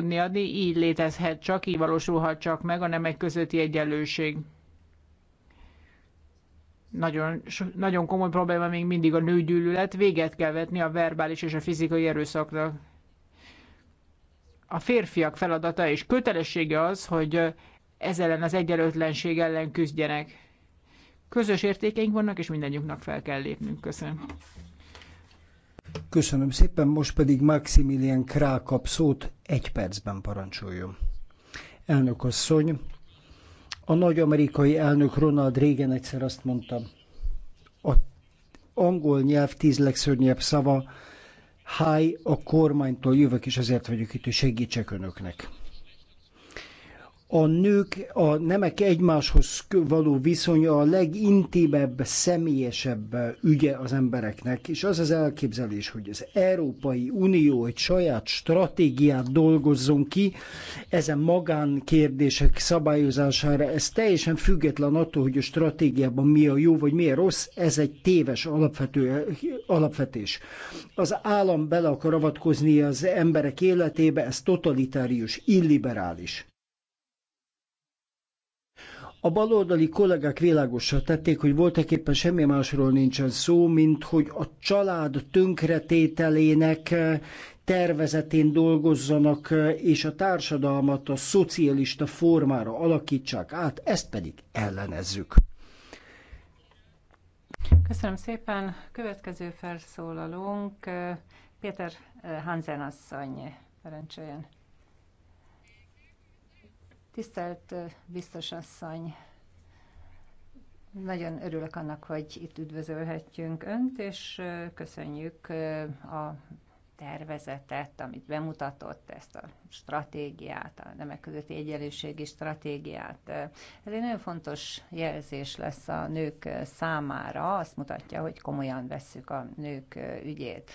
tudni adni, így létezhet csak, így valósulhat csak meg a nemek közötti egyenlőség. Nagyon, nagyon komoly probléma még mindig a nőgyűlölet, véget kell vetni a verbális és a fizikai erőszaknak. A férfiak feladata és kötelessége az, hogy ez ellen az egyenlőtlenség ellen küzdjenek. Közös értékeink vannak, és mindannyiunknak fel kell lépnünk. Köszönöm. Köszönöm szépen, most pedig Maximilian Krá kap szót, egy percben parancsoljon. Elnök asszony, a nagy amerikai elnök Ronald Reagan egyszer azt mondta, a angol nyelv tíz legszörnyebb szava, háj a kormánytól jövök, és ezért vagyok itt, hogy segítsek önöknek a nők, a nemek egymáshoz való viszonya a legintimebb, személyesebb ügye az embereknek, és az az elképzelés, hogy az Európai Unió egy saját stratégiát dolgozzon ki ezen magánkérdések szabályozására, ez teljesen független attól, hogy a stratégiában mi a jó vagy mi a rossz, ez egy téves alapvető, alapvetés. Az állam bele akar avatkozni az emberek életébe, ez totalitárius, illiberális a baloldali kollégák világosra tették, hogy voltak éppen semmi másról nincsen szó, mint hogy a család tönkretételének eh, tervezetén dolgozzanak, eh, és a társadalmat a szocialista formára alakítsák át, ezt pedig ellenezzük. Köszönöm szépen. Következő felszólalónk eh, Péter Hansen asszony. Parancsoljon. Tisztelt biztos asszony, nagyon örülök annak, hogy itt üdvözölhetjünk Önt, és köszönjük a tervezetet, amit bemutatott, ezt a stratégiát, a nemek közötti egyenlőségi stratégiát. Ez egy nagyon fontos jelzés lesz a nők számára, azt mutatja, hogy komolyan vesszük a nők ügyét.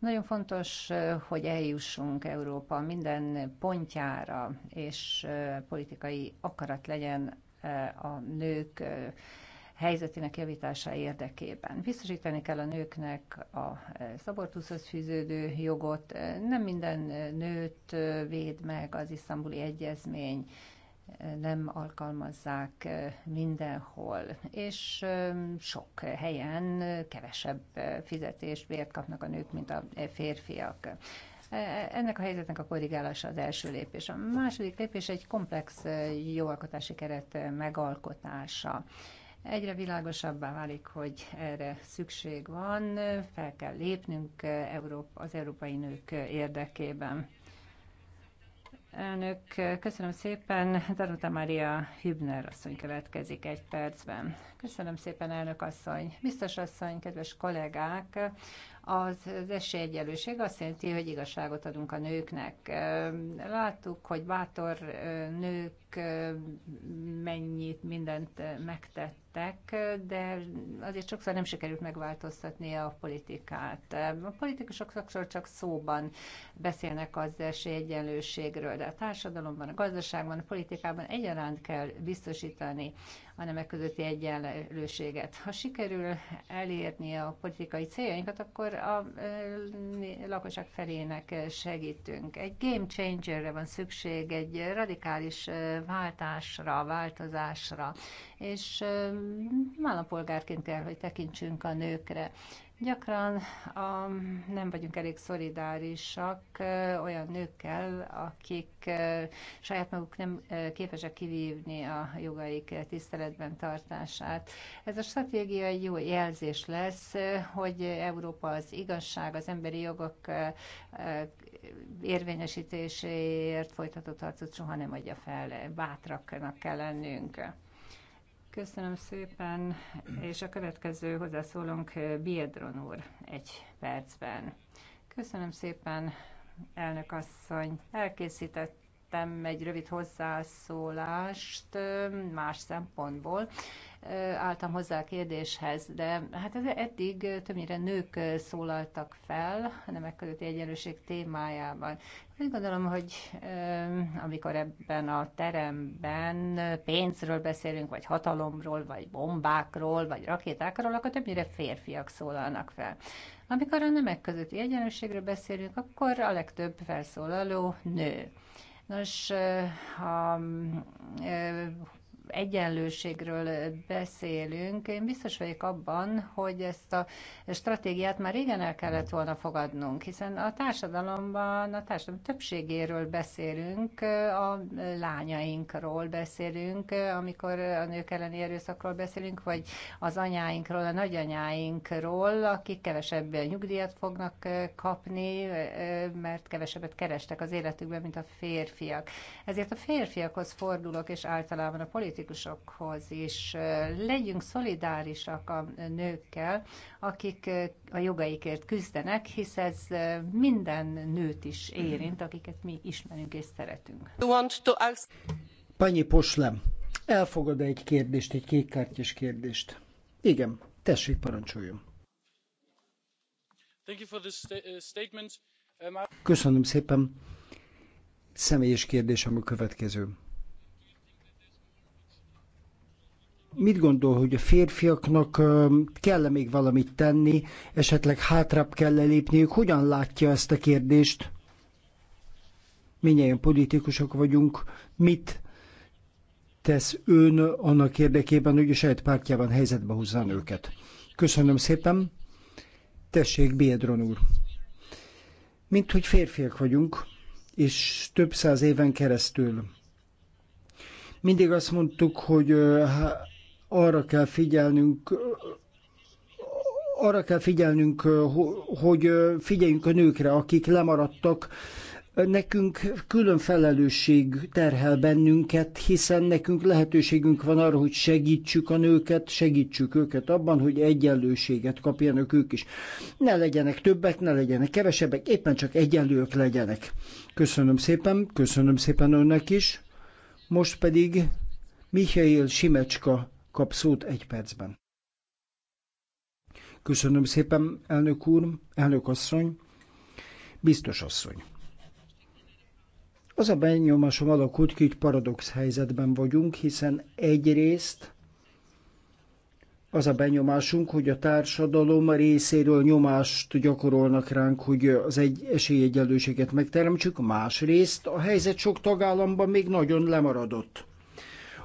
Nagyon fontos, hogy eljussunk Európa minden pontjára, és politikai akarat legyen a nők helyzetének javítása érdekében. Biztosítani kell a nőknek a szabortuszhoz fűződő jogot. Nem minden nőt véd meg az isztambuli egyezmény, nem alkalmazzák mindenhol, és sok helyen kevesebb fizetést, bért kapnak a nők, mint a férfiak. E, ennek a helyzetnek a korrigálása az első lépés. A második lépés egy komplex jóalkotási keret megalkotása. Egyre világosabbá válik, hogy erre szükség van, fel kell lépnünk az európai nők érdekében. Elnök, köszönöm szépen. Danuta Maria Hübner asszony következik egy percben. Köszönöm szépen, elnök asszony. Biztos asszony, kedves kollégák, az esélyegyelőség azt jelenti, hogy igazságot adunk a nőknek. Láttuk, hogy bátor nők mennyit mindent megtett tettek, de azért sokszor nem sikerült megváltoztatni a politikát. A politikusok sokszor csak szóban beszélnek az esélyegyenlőségről, de a társadalomban, a gazdaságban, a politikában egyaránt kell biztosítani a nemek közötti egyenlőséget. Ha sikerül elérni a politikai céljainkat, akkor a lakosság felének segítünk. Egy game changerre van szükség, egy radikális váltásra, változásra, és állampolgárként kell, hogy tekintsünk a nőkre Gyakran a, nem vagyunk elég szolidárisak olyan nőkkel, akik saját maguk nem képesek kivívni a jogaik tiszteletben tartását. Ez a stratégia egy jó jelzés lesz, hogy Európa az igazság, az emberi jogok érvényesítéséért folytatott harcot soha nem adja fel. Bátraknak kell lennünk. Köszönöm szépen, és a következő hozzászólónk Biedron úr egy percben. Köszönöm szépen, elnök asszony. Elkészített tettem egy rövid hozzászólást más szempontból. Álltam hozzá a kérdéshez, de hát ez eddig többnyire nők szólaltak fel a nemek közötti egyenlőség témájában. Úgy gondolom, hogy amikor ebben a teremben pénzről beszélünk, vagy hatalomról, vagy bombákról, vagy rakétákról, akkor többnyire férfiak szólalnak fel. Amikor a nemek közötti egyenlőségről beszélünk, akkor a legtöbb felszólaló nő. Nos, a egyenlőségről beszélünk, én biztos vagyok abban, hogy ezt a stratégiát már régen el kellett volna fogadnunk, hiszen a társadalomban, a társadalom többségéről beszélünk, a lányainkról beszélünk, amikor a nők elleni erőszakról beszélünk, vagy az anyáinkról, a nagyanyáinkról, akik kevesebb nyugdíjat fognak kapni, mert kevesebbet kerestek az életükben, mint a férfiak. Ezért a férfiakhoz fordulok, és általában a politikai politikusokhoz és Legyünk szolidárisak a nőkkel, akik a jogaikért küzdenek, hisz ez minden nőt is érint, akiket mi ismerünk és szeretünk. Panyi Poslem, elfogad egy kérdést, egy kékkártyás kérdést? Igen, tessék, parancsoljon. Uh, um, Köszönöm szépen. Személyes kérdésem a következő. mit gondol, hogy a férfiaknak kell -e még valamit tenni, esetleg hátrább kell -e lépniük? Hogyan látja ezt a kérdést? Minnyáján politikusok vagyunk. Mit tesz ön annak érdekében, hogy a saját pártjában helyzetbe hozzán őket? Köszönöm szépen. Tessék, Biedron úr. Mint hogy férfiak vagyunk, és több száz éven keresztül mindig azt mondtuk, hogy arra kell figyelnünk, arra kell figyelnünk, hogy figyeljünk a nőkre, akik lemaradtak. Nekünk külön felelősség terhel bennünket, hiszen nekünk lehetőségünk van arra, hogy segítsük a nőket, segítsük őket abban, hogy egyenlőséget kapjanak ők is. Ne legyenek többek, ne legyenek kevesebbek, éppen csak egyenlők legyenek. Köszönöm szépen, köszönöm szépen önnek is. Most pedig Mihail Simecska kap szót egy percben. Köszönöm szépen, elnök úr, elnök asszony, biztos asszony. Az a benyomásom alakult ki, hogy paradox helyzetben vagyunk, hiszen egyrészt az a benyomásunk, hogy a társadalom részéről nyomást gyakorolnak ránk, hogy az egy esélyegyenlőséget megteremtsük, másrészt a helyzet sok tagállamban még nagyon lemaradott.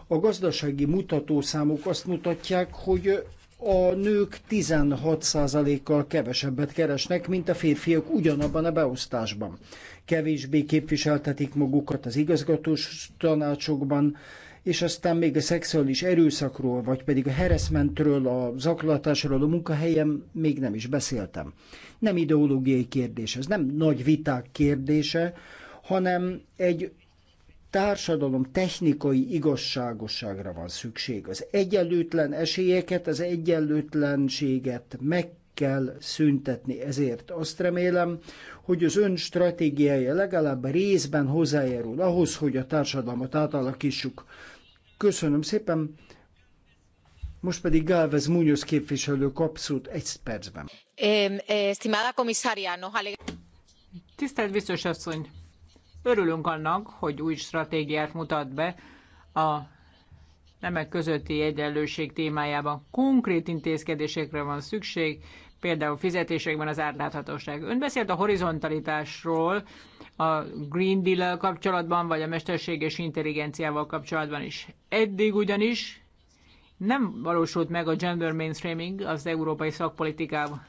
A gazdasági mutatószámok azt mutatják, hogy a nők 16%-kal kevesebbet keresnek, mint a férfiak ugyanabban a beosztásban. Kevésbé képviseltetik magukat az igazgatós tanácsokban, és aztán még a szexuális erőszakról, vagy pedig a harassmentről, a zaklatásról a munkahelyem még nem is beszéltem. Nem ideológiai kérdés, ez nem nagy viták kérdése, hanem egy társadalom technikai igazságosságra van szükség. Az egyenlőtlen esélyeket, az egyenlőtlenséget meg kell szüntetni. Ezért azt remélem, hogy az ön stratégiája legalább részben hozzájárul ahhoz, hogy a társadalmat átalakítsuk. Köszönöm szépen, most pedig Gálvez Munoz képviselő kapszót egy percben. Eh, Tisztelt biztos asszony, Örülünk annak, hogy új stratégiát mutat be a nemek közötti egyenlőség témájában. Konkrét intézkedésekre van szükség, például fizetésekben az átláthatóság. Ön beszélt a horizontalitásról, a Green deal kapcsolatban, vagy a mesterséges intelligenciával kapcsolatban is. Eddig ugyanis nem valósult meg a gender mainstreaming az európai szakpolitikában.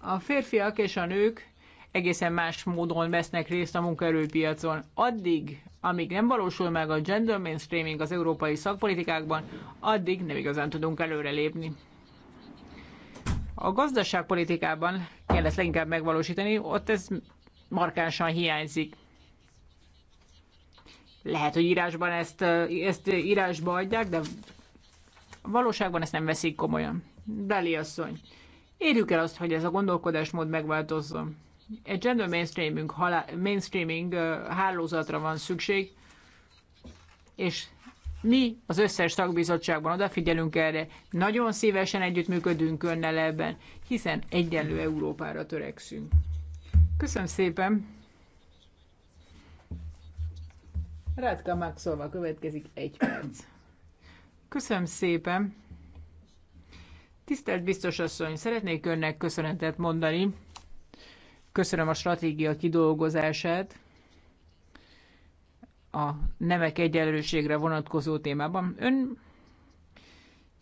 A férfiak és a nők egészen más módon vesznek részt a munkaerőpiacon. Addig, amíg nem valósul meg a gender mainstreaming az európai szakpolitikákban, addig nem igazán tudunk előrelépni. A gazdaságpolitikában kell ezt leginkább megvalósítani, ott ez markánsan hiányzik. Lehet, hogy írásban ezt, ezt írásba adják, de valóságban ezt nem veszik komolyan. Beli asszony, Érjük el azt, hogy ez a gondolkodásmód megváltozzon. Egy gender mainstreaming, halá- mainstreaming hálózatra van szükség, és mi az összes szakbizottságban odafigyelünk erre, nagyon szívesen együttműködünk önnel ebben, hiszen egyenlő Európára törekszünk. Köszönöm szépen! Rátka szóval következik egy perc. Köszönöm szépen! Tisztelt biztos asszony, szeretnék önnek köszönetet mondani. Köszönöm a stratégia kidolgozását a nemek egyenlőségre vonatkozó témában. Ön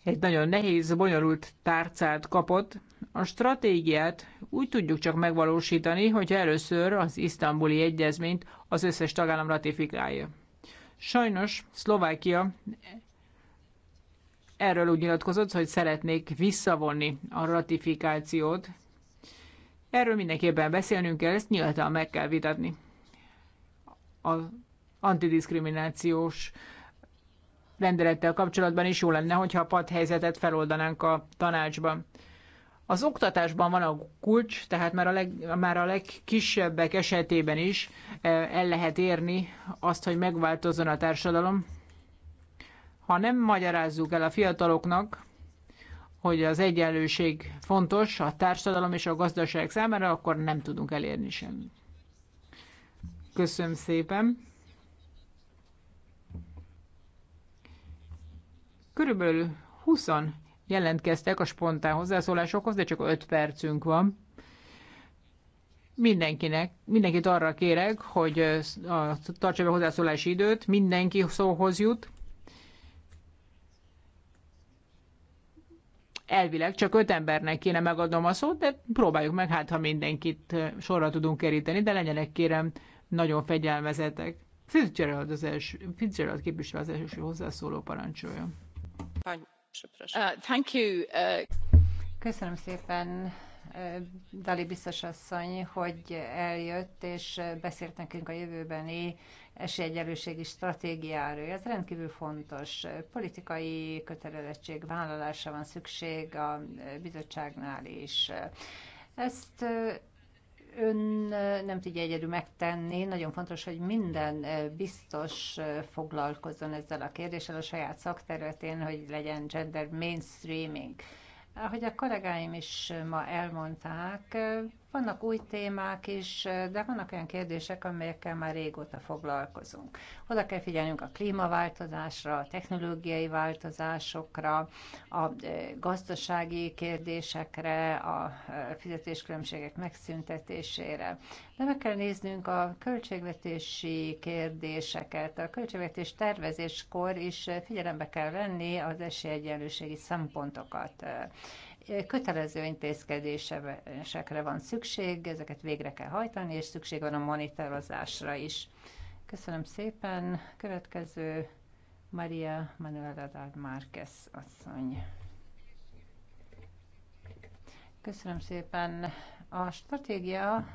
egy nagyon nehéz, bonyolult tárcát kapott. A stratégiát úgy tudjuk csak megvalósítani, hogy először az isztambuli egyezményt az összes tagállam ratifikálja. Sajnos Szlovákia erről úgy nyilatkozott, hogy szeretnék visszavonni a ratifikációt. Erről mindenképpen beszélnünk kell, ezt nyíltan meg kell vitatni. Az antidiszkriminációs rendelettel kapcsolatban is jó lenne, hogyha a padhelyzetet feloldanánk a tanácsban. Az oktatásban van a kulcs, tehát már a, leg, már a legkisebbek esetében is eh, el lehet érni azt, hogy megváltozzon a társadalom. Ha nem magyarázzuk el a fiataloknak, hogy az egyenlőség fontos a társadalom és a gazdaság számára, akkor nem tudunk elérni semmit. Köszönöm szépen. Körülbelül 20 jelentkeztek a spontán hozzászólásokhoz, de csak 5 percünk van. Mindenkinek, mindenkit arra kérek, hogy tartsa be hozzászólási időt, mindenki szóhoz jut, elvileg csak öt embernek kéne megadnom a szót, de próbáljuk meg, hát ha mindenkit sorra tudunk keríteni, de legyenek kérem nagyon fegyelmezetek. Fitzgerald, az első, Fitzgerald képviselő az első hozzászóló parancsolja. Uh, uh, Köszönöm szépen, Dali biztos asszony, hogy eljött és beszélt nekünk a jövőbeni esélyegyelőségi stratégiáról. Ez rendkívül fontos. Politikai kötelezettség vállalása van szükség a bizottságnál is. Ezt ön nem tudja egyedül megtenni. Nagyon fontos, hogy minden biztos foglalkozzon ezzel a kérdéssel a saját szakterületén, hogy legyen gender mainstreaming. Ahogy a kollégáim is ma elmondták, vannak új témák is, de vannak olyan kérdések, amelyekkel már régóta foglalkozunk. Oda kell figyelnünk a klímaváltozásra, a technológiai változásokra, a e, gazdasági kérdésekre, a e, fizetéskülönbségek megszüntetésére. De meg kell néznünk a költségvetési kérdéseket. A költségvetés tervezéskor is figyelembe kell venni az esélyegyenlőségi szempontokat kötelező intézkedésekre van szükség, ezeket végre kell hajtani, és szükség van a monitorozásra is. Köszönöm szépen. Következő Maria Manuela Dard Márquez asszony. Köszönöm szépen, a stratégia,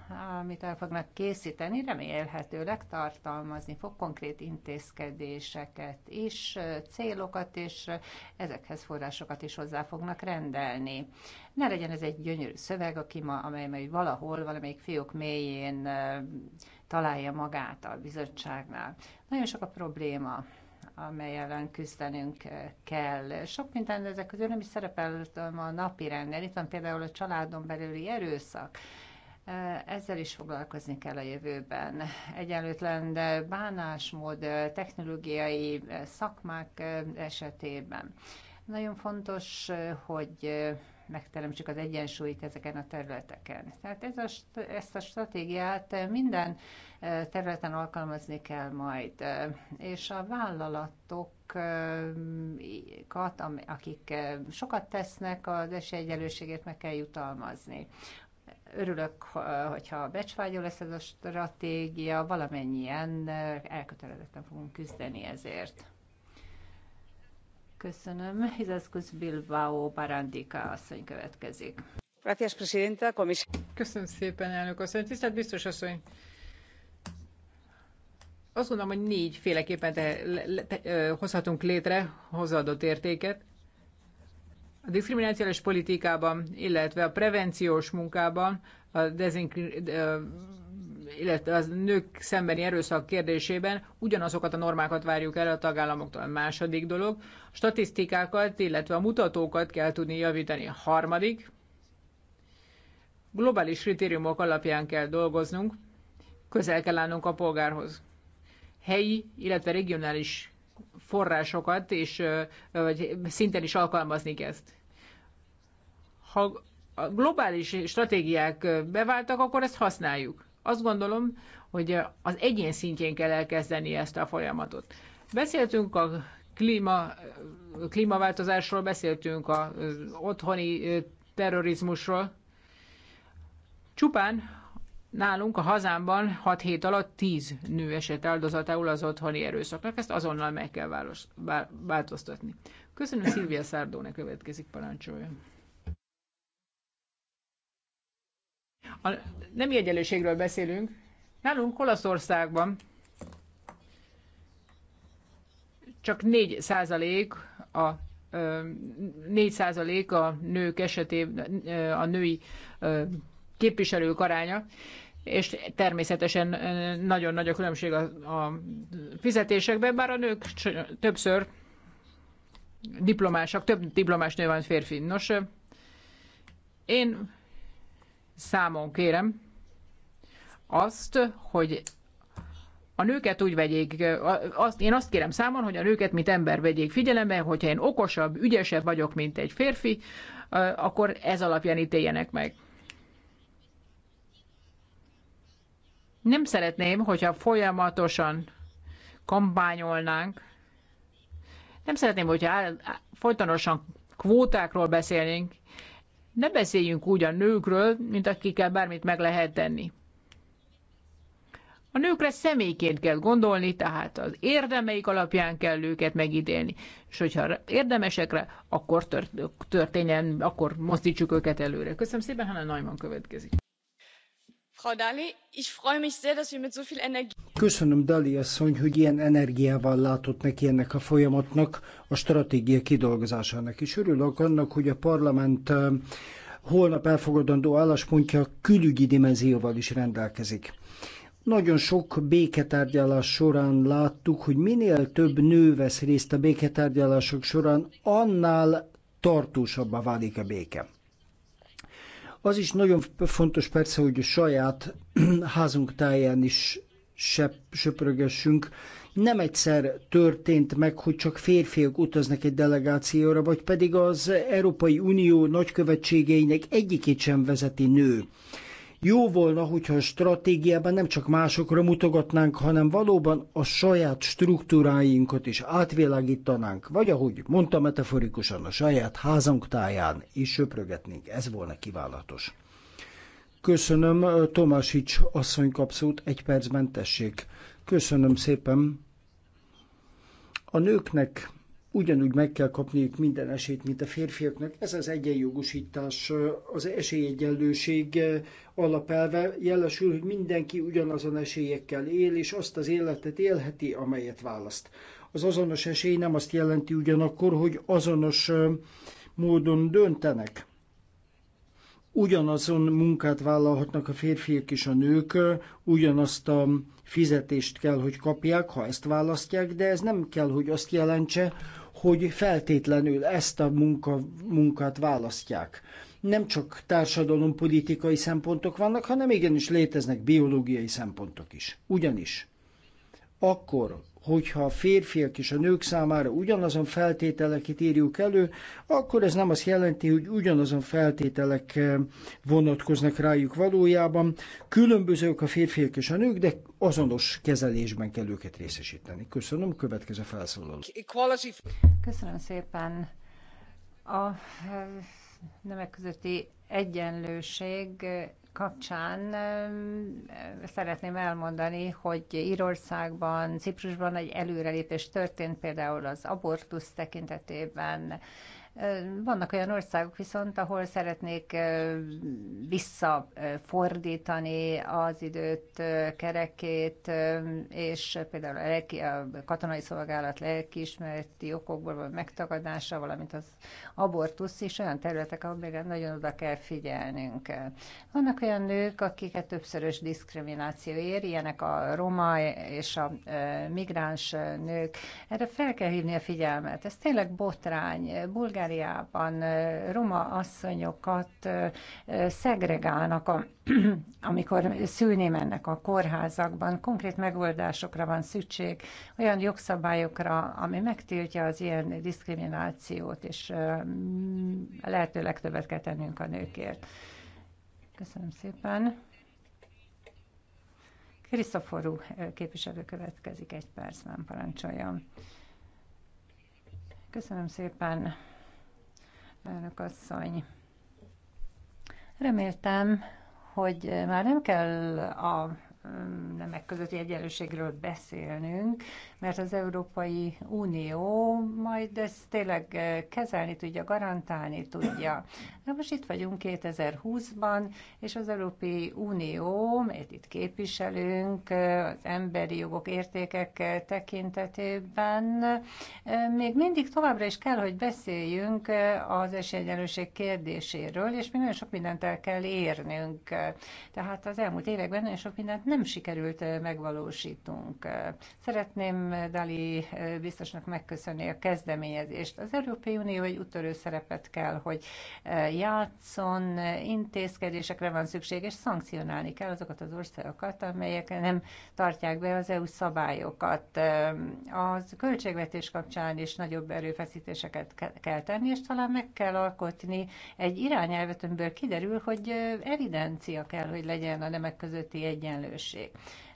amit el fognak készíteni, remélhetőleg tartalmazni fog konkrét intézkedéseket is, célokat, és ezekhez forrásokat is hozzá fognak rendelni. Ne legyen ez egy gyönyörű szöveg, aki ma, amely amely valahol, valamelyik fiók mélyén találja magát a bizottságnál. Nagyon sok a probléma, amely ellen küzdenünk eh, kell. Sok minden ezek közül nem is szerepel a napi renden. Itt van például a családon belüli erőszak. Eh, ezzel is foglalkozni kell a jövőben. Egyenlőtlen bánásmód eh, technológiai szakmák esetében. Nagyon fontos, hogy megteremtsük az egyensúlyt ezeken a területeken. Tehát ez a, ezt a stratégiát minden területen alkalmazni kell majd. És a vállalatok akik sokat tesznek, az esélyegyelőségét meg kell jutalmazni. Örülök, hogyha becsvágyó lesz ez a stratégia, valamennyien elkötelezetten fogunk küzdeni ezért. Köszönöm. Hizaskuz Bilbao Barandika asszony következik. Köszönöm szépen, elnök asszony. Tisztelt biztos asszony, azt gondolom, hogy féleképpen te, te, ö, hozhatunk létre hozzáadott értéket. A diszkriminációs politikában, illetve a prevenciós munkában, a illetve az nők szembeni erőszak kérdésében ugyanazokat a normákat várjuk el a tagállamoktól. A második dolog, a statisztikákat, illetve a mutatókat kell tudni javítani. A harmadik, globális kritériumok alapján kell dolgoznunk, közel kell állnunk a polgárhoz. Helyi, illetve regionális forrásokat, és, vagy szinten is alkalmazni ezt. Ha a globális stratégiák beváltak, akkor ezt használjuk. Azt gondolom, hogy az egyén szintjén kell elkezdeni ezt a folyamatot. Beszéltünk a klíma, klímaváltozásról, beszéltünk az otthoni terrorizmusról. Csupán nálunk a hazámban 6 hét alatt 10 nő esett áldozatául az otthoni erőszaknak, ezt azonnal meg kell változtatni. Köszönöm, Szilvia Szárdónak következik parancsoljon. A nemi egyenlőségről beszélünk. Nálunk Olaszországban csak 4 százalék a 4 százalék a nők esetében, a női képviselők aránya, és természetesen nagyon nagy a különbség a, a fizetésekben, bár a nők többször diplomásak, több diplomás nő van férfi. Nos, én számon kérem azt, hogy a nőket úgy vegyék, azt, én azt kérem számon, hogy a nőket, mint ember vegyék figyelembe, hogyha én okosabb, ügyesebb vagyok, mint egy férfi, akkor ez alapján ítéljenek meg. Nem szeretném, hogyha folyamatosan kampányolnánk, nem szeretném, hogyha folytonosan kvótákról beszélnénk, ne beszéljünk úgy a nőkről, mint akikkel bármit meg lehet tenni. A nőkre személyként kell gondolni, tehát az érdemeik alapján kell őket megítélni. És hogyha érdemesekre, akkor történjen, akkor mozdítsuk őket előre. Köszönöm szépen, Hanna Neumann következik. Köszönöm, Dali asszony, hogy ilyen energiával látott neki ennek a folyamatnak, a stratégia kidolgozásának. És örülök annak, hogy a parlament holnap elfogadandó álláspontja külügyi dimenzióval is rendelkezik. Nagyon sok béketárgyalás során láttuk, hogy minél több nő vesz részt a béketárgyalások során, annál tartósabbá válik a béke. Az is nagyon fontos persze, hogy a saját házunk táján is söprögessünk. Nem egyszer történt meg, hogy csak férfiak utaznak egy delegációra, vagy pedig az Európai Unió nagykövetségeinek egyikét sem vezeti nő. Jó volna, hogyha a stratégiában nem csak másokra mutogatnánk, hanem valóban a saját struktúráinkat is átvilágítanánk, vagy ahogy mondta metaforikusan, a saját házunk táján is söprögetnénk. Ez volna kiválatos. Köszönöm, Tomásics asszony kapszót, egy percben tessék. Köszönöm szépen. A nőknek ugyanúgy meg kell kapniuk minden esélyt, mint a férfiaknak. Ez az egyenjogosítás, az esélyegyenlőség alapelve jelesül, hogy mindenki ugyanazon esélyekkel él, és azt az életet élheti, amelyet választ. Az azonos esély nem azt jelenti ugyanakkor, hogy azonos módon döntenek. Ugyanazon munkát vállalhatnak a férfiak és a nők, ugyanazt a fizetést kell, hogy kapják, ha ezt választják, de ez nem kell, hogy azt jelentse, hogy feltétlenül ezt a munka, munkát választják. Nem csak politikai szempontok vannak, hanem igenis léteznek biológiai szempontok is. Ugyanis akkor, hogyha a férfiak és a nők számára ugyanazon feltételeket írjuk elő, akkor ez nem azt jelenti, hogy ugyanazon feltételek eh, vonatkoznak rájuk valójában. Különbözők a férfiak és a nők, de azonos kezelésben kell őket részesíteni. Köszönöm, következő felszólaló. Köszönöm szépen. A eh, nemek közötti egyenlőség kapcsán szeretném elmondani, hogy Írországban, Ciprusban egy előrelépés történt, például az abortusz tekintetében vannak olyan országok viszont, ahol szeretnék visszafordítani az időt, kerekét, és például a, lelki, a katonai szolgálat lelkiismereti okokból való megtagadása, valamint az abortusz is olyan területek, ahol még nagyon oda kell figyelnünk. Vannak olyan nők, akiket többszörös diszkrimináció ér, ilyenek a roma és a migráns nők. Erre fel kell hívni a figyelmet. Ez tényleg botrány. Bulgár Bulgáriában roma asszonyokat szegregálnak, amikor szülni mennek a kórházakban. Konkrét megoldásokra van szükség, olyan jogszabályokra, ami megtiltja az ilyen diszkriminációt, és lehető legtöbbet kell tennünk a nőkért. Köszönöm szépen. Krisztoforú képviselő következik egy percben, parancsoljon. Köszönöm szépen elnök asszony. Reméltem, hogy már nem kell a mm, nemek közötti egyenlőségről beszélnünk, mert az Európai Unió majd ezt tényleg eh, kezelni tudja, garantálni tudja. Na most itt vagyunk 2020-ban, és az Európai Unió, mert itt képviselünk eh, az emberi jogok értékek eh, tekintetében, még mindig továbbra is kell, hogy beszéljünk az esélyegyenlőség kérdéséről, és mi nagyon sok mindent el kell érnünk. Tehát az elmúlt években nagyon sok mindent nem sikerült megvalósítunk. Szeretném Dali eh, biztosnak megköszönni a kezdeményezést. Az Európai Unió egy utörő szerepet kell, hogy eh, játszon, intézkedésekre van szükség, és szankcionálni kell azokat az országokat, amelyek nem tartják be az EU szabályokat. Eh, az költségvetés kapcsán is nagyobb erőfeszítéseket kell tenni, és talán meg kell alkotni egy irányelvet, amiből kiderül, hogy evidencia kell, hogy legyen a nemek közötti egyenlőség.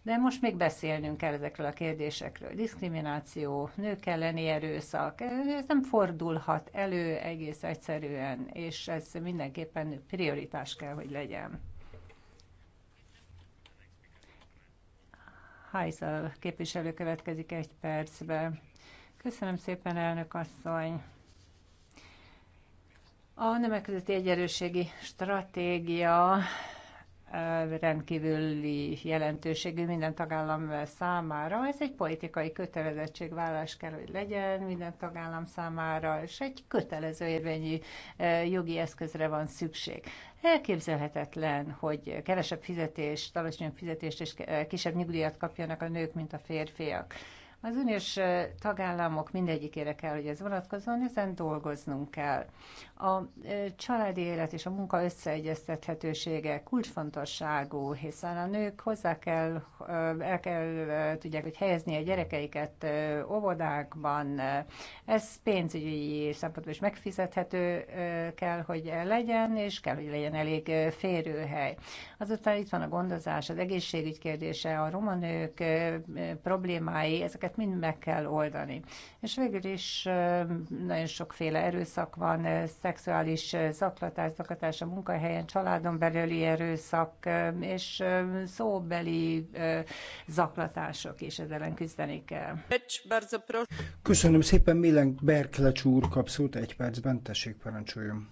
De most még beszélnünk kell ezekről a kérdésekről. Diszkrimináció, nők elleni erőszak, ez nem fordulhat elő egész egyszerűen, és ez mindenképpen prioritás kell, hogy legyen. Heisel képviselő következik egy percbe. Köszönöm szépen, elnök asszony! A nemek közötti egyenlőségi stratégia rendkívüli jelentőségű minden tagállam számára. Ez egy politikai kötelezettségvállás kell, hogy legyen minden tagállam számára, és egy kötelező érvényű e, jogi eszközre van szükség. Elképzelhetetlen, hogy kevesebb fizetést, alacsonyabb fizetést és e, kisebb nyugdíjat kapjanak a nők, mint a férfiak. Az uniós tagállamok mindegyikére kell, hogy ez vonatkozzon, ezen dolgoznunk kell. A családi élet és a munka összeegyeztethetősége kulcsfontosságú, hiszen a nők hozzá kell, el kell tudják, hogy helyezni a gyerekeiket óvodákban. Ez pénzügyi szempontból is megfizethető kell, hogy legyen, és kell, hogy legyen elég férőhely. Azután itt van a gondozás, az egészségügy kérdése, a romanők problémái, ezeket ezeket mind meg kell oldani. És végül is nagyon sokféle erőszak van, szexuális zaklatás, zaklatás a munkahelyen, családon belüli erőszak, és szóbeli zaklatások is, ezzel ellen küzdeni kell. Köszönöm szépen, Milen Berklecs úr kap egy percben, tessék parancsoljon.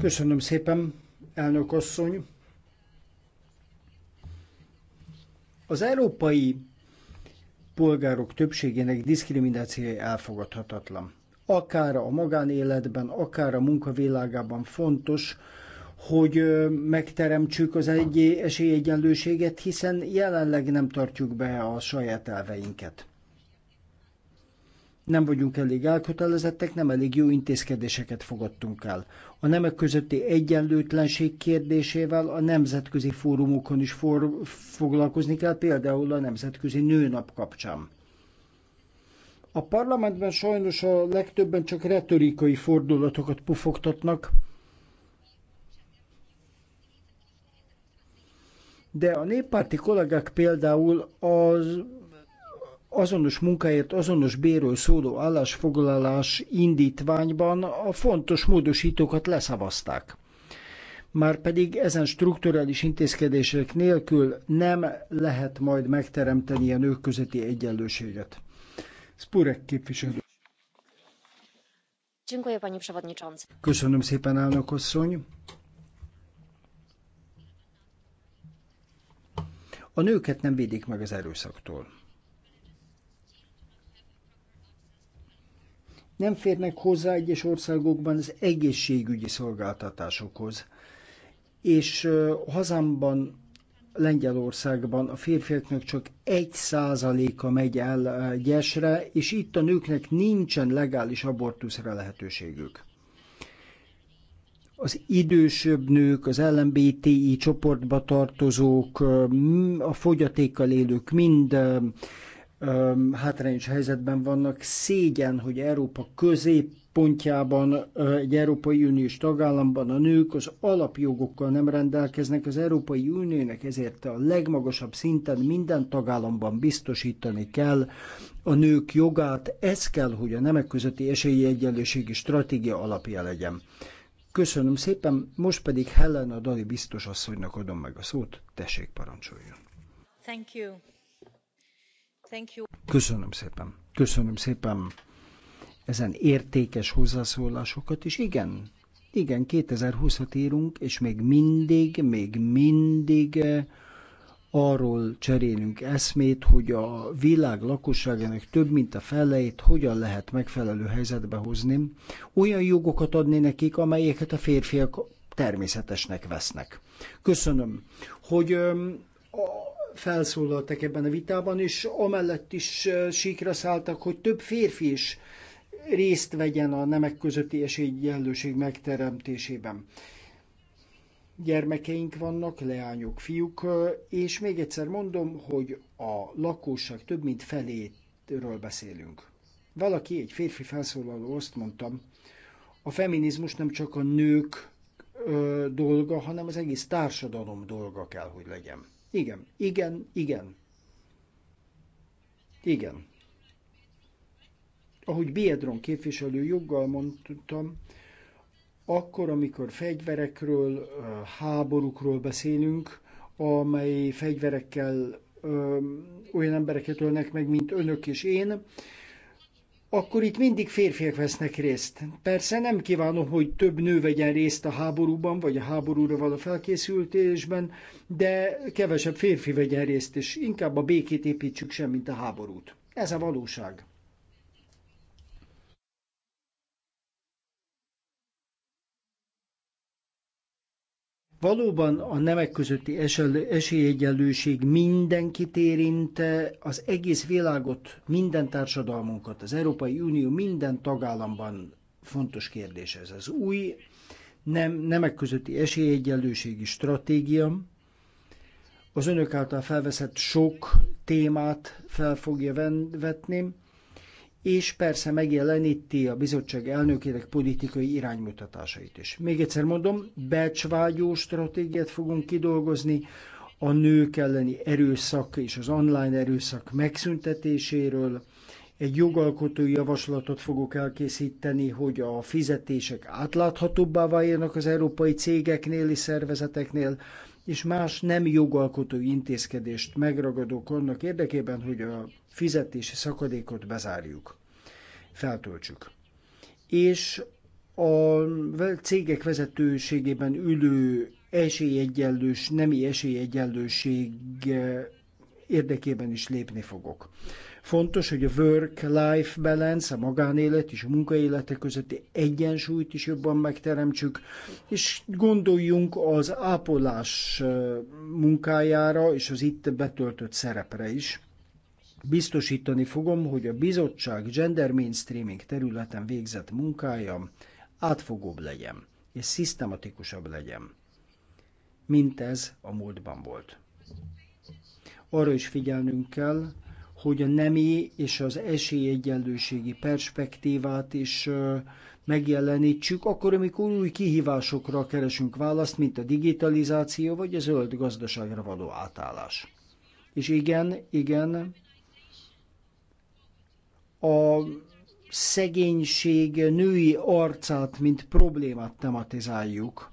Köszönöm szépen, elnök asszony. Az európai polgárok többségének diszkriminációja elfogadhatatlan. Akár a magánéletben, akár a munkavilágában fontos, hogy megteremtsük az egy esélyegyenlőséget, hiszen jelenleg nem tartjuk be a saját elveinket nem vagyunk elég elkötelezettek, nem elég jó intézkedéseket fogadtunk el. A nemek közötti egyenlőtlenség kérdésével a nemzetközi fórumokon is for- foglalkozni kell, például a Nemzetközi Nőnap kapcsán. A parlamentben sajnos a legtöbben csak retorikai fordulatokat pufogtatnak, de a néppárti kollégák például az azonos munkáért azonos béről szóló állásfoglalás indítványban a fontos módosítókat leszavazták. Márpedig ezen strukturális intézkedések nélkül nem lehet majd megteremteni a nők közötti egyenlőséget. Spurek képviselő. Köszönöm szépen, elnök asszony. A nőket nem védik meg az erőszaktól. nem férnek hozzá egyes országokban az egészségügyi szolgáltatásokhoz. És hazámban, Lengyelországban a férfiaknak csak egy százaléka megy el gyesre, és itt a nőknek nincsen legális abortuszra lehetőségük az idősebb nők, az LMBTI csoportba tartozók, a fogyatékkal élők mind hátrányos helyzetben vannak. Szégyen, hogy Európa pontjában, egy Európai Uniós tagállamban a nők az alapjogokkal nem rendelkeznek. Az Európai Uniónak ezért a legmagasabb szinten minden tagállamban biztosítani kell a nők jogát. Ez kell, hogy a nemek közötti egyenlőségi stratégia alapja legyen. Köszönöm szépen, most pedig Helena Dali biztos asszonynak adom meg a szót, tessék parancsoljon. Thank you. Köszönöm szépen. Köszönöm szépen ezen értékes hozzászólásokat, és igen, igen, 2020-at írunk, és még mindig, még mindig eh, arról cserélünk eszmét, hogy a világ lakosságának több mint a feleit hogyan lehet megfelelő helyzetbe hozni, olyan jogokat adni nekik, amelyeket a férfiak természetesnek vesznek. Köszönöm, hogy eh, a felszólaltak ebben a vitában, és amellett is síkra szálltak, hogy több férfi is részt vegyen a nemek közötti esélyegyenlőség megteremtésében. Gyermekeink vannak, leányok, fiúk, és még egyszer mondom, hogy a lakosság több mint feléről beszélünk. Valaki, egy férfi felszólaló azt mondtam, a feminizmus nem csak a nők ö, dolga, hanem az egész társadalom dolga kell, hogy legyen. Igen, igen, igen. Igen. Ahogy Biedron képviselő joggal mondtam, akkor, amikor fegyverekről, háborúkról beszélünk, amely fegyverekkel ö, olyan embereket ölnek meg, mint önök és én, akkor itt mindig férfiak vesznek részt. Persze nem kívánom, hogy több nő vegyen részt a háborúban, vagy a háborúra való felkészültésben, de kevesebb férfi vegyen részt, és inkább a békét építsük sem, mint a háborút. Ez a valóság. Valóban a nemek közötti esélyegyenlőség mindenkit érint, az egész világot, minden társadalmunkat, az Európai Unió minden tagállamban fontos kérdés ez. Az új nem, nemek közötti esélyegyenlőségi stratégia az önök által felveszett sok témát fel fogja vetni, és persze megjeleníti a bizottság elnökének politikai iránymutatásait is. Még egyszer mondom, becsvágyó stratégiát fogunk kidolgozni, a nők elleni erőszak és az online erőszak megszüntetéséről. Egy jogalkotói javaslatot fogok elkészíteni, hogy a fizetések átláthatóbbá váljanak az európai cégeknél és szervezeteknél, és más nem jogalkotó intézkedést megragadok annak érdekében, hogy a fizetési szakadékot bezárjuk, feltöltsük. És a cégek vezetőségében ülő esélyegyenlős, nemi esélyegyenlőség érdekében is lépni fogok. Fontos, hogy a work-life balance, a magánélet és a munkaélete közötti egyensúlyt is jobban megteremtsük, és gondoljunk az ápolás munkájára és az itt betöltött szerepre is. Biztosítani fogom, hogy a bizottság gender mainstreaming területen végzett munkája átfogóbb legyen és szisztematikusabb legyen, mint ez a múltban volt. Arra is figyelnünk kell, hogy a nemi és az esélyegyenlőségi perspektívát is megjelenítsük, akkor, amikor új kihívásokra keresünk választ, mint a digitalizáció vagy a zöld gazdaságra való átállás. És igen, igen, a szegénység női arcát, mint problémát tematizáljuk,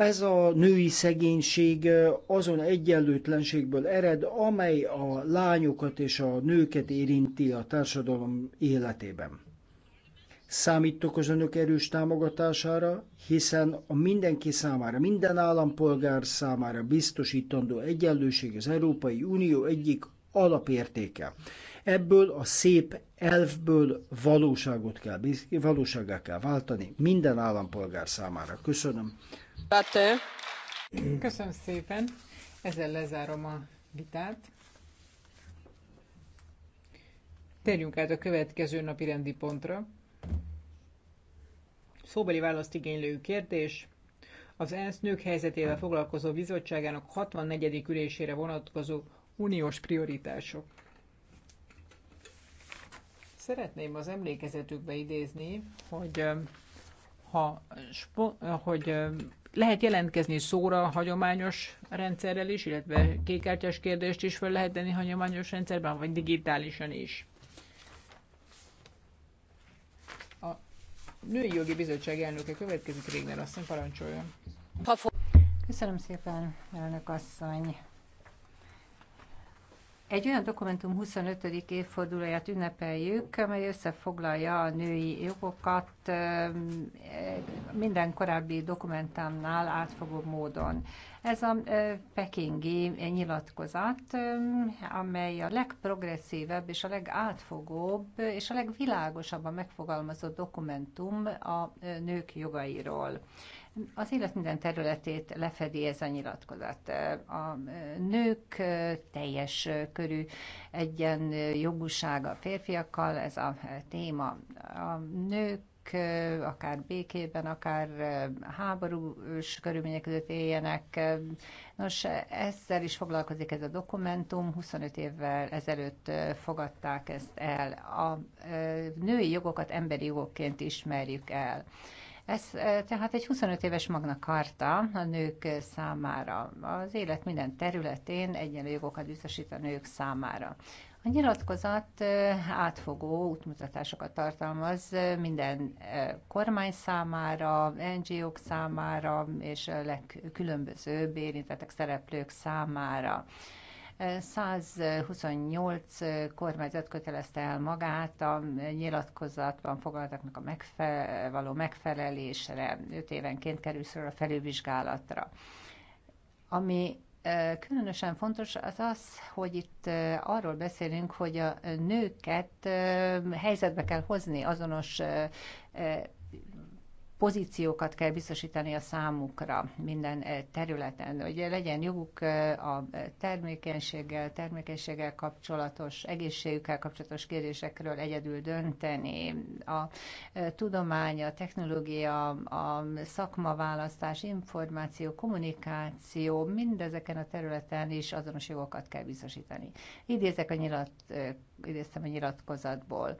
ez a női szegénység azon egyenlőtlenségből ered, amely a lányokat és a nőket érinti a társadalom életében. Számítok az önök erős támogatására, hiszen a mindenki számára, minden állampolgár számára biztosítandó egyenlőség az Európai Unió egyik alapértéke. Ebből a szép elfből valóságot kell, valóságá kell váltani minden állampolgár számára. Köszönöm. Köszönöm szépen. Ezzel lezárom a vitát. Térjünk át a következő napi rendi pontra. Szóbeli választ igénylő kérdés. Az ENSZ nők helyzetével foglalkozó bizottságának 64. ülésére vonatkozó uniós prioritások. Szeretném az emlékezetükbe idézni, hogy ha, hogy lehet jelentkezni szóra hagyományos rendszerrel is, illetve kékkártyás kérdést is fel lehet tenni hagyományos rendszerben, vagy digitálisan is. A Női Jogi Bizottság elnöke következik, Régner asszony, parancsoljon. Köszönöm szépen, elnök asszony. Egy olyan dokumentum 25. évfordulóját ünnepeljük, amely összefoglalja a női jogokat eh, minden korábbi dokumentumnál átfogó módon. Ez a eh, pekingi nyilatkozat, eh, amely a legprogresszívebb és a legátfogóbb és a legvilágosabban megfogalmazott dokumentum a nők jogairól az élet minden területét lefedi ez a nyilatkozat. A nők teljes körű egyen jogúsága férfiakkal, ez a téma. A nők akár békében, akár háborús körülmények között éljenek. Nos, ezzel is foglalkozik ez a dokumentum. 25 évvel ezelőtt fogadták ezt el. A női jogokat emberi jogokként ismerjük el. Ez tehát egy 25 éves Magna Carta a nők számára. Az élet minden területén egyenlő jogokat biztosít a nők számára. A nyilatkozat átfogó útmutatásokat tartalmaz minden kormány számára, NGO-k számára és a legkülönbözőbb érintettek szereplők számára. 128 kormányzat kötelezte el magát a nyilatkozatban foglaltaknak a megfe- való megfelelésre, 5 évenként kerül a felülvizsgálatra. Ami Különösen fontos az az, hogy itt arról beszélünk, hogy a nőket helyzetbe kell hozni azonos pozíciókat kell biztosítani a számukra minden eh, területen, hogy legyen joguk eh, a eh, termékenységgel, termékenységgel kapcsolatos, egészségükkel kapcsolatos kérdésekről egyedül dönteni. A tudomány, a technológia, a szakmaválasztás, információ, kommunikáció, mindezeken a területen is azonos jogokat kell biztosítani. Idézek a nyilat, idéztem a nyilatkozatból.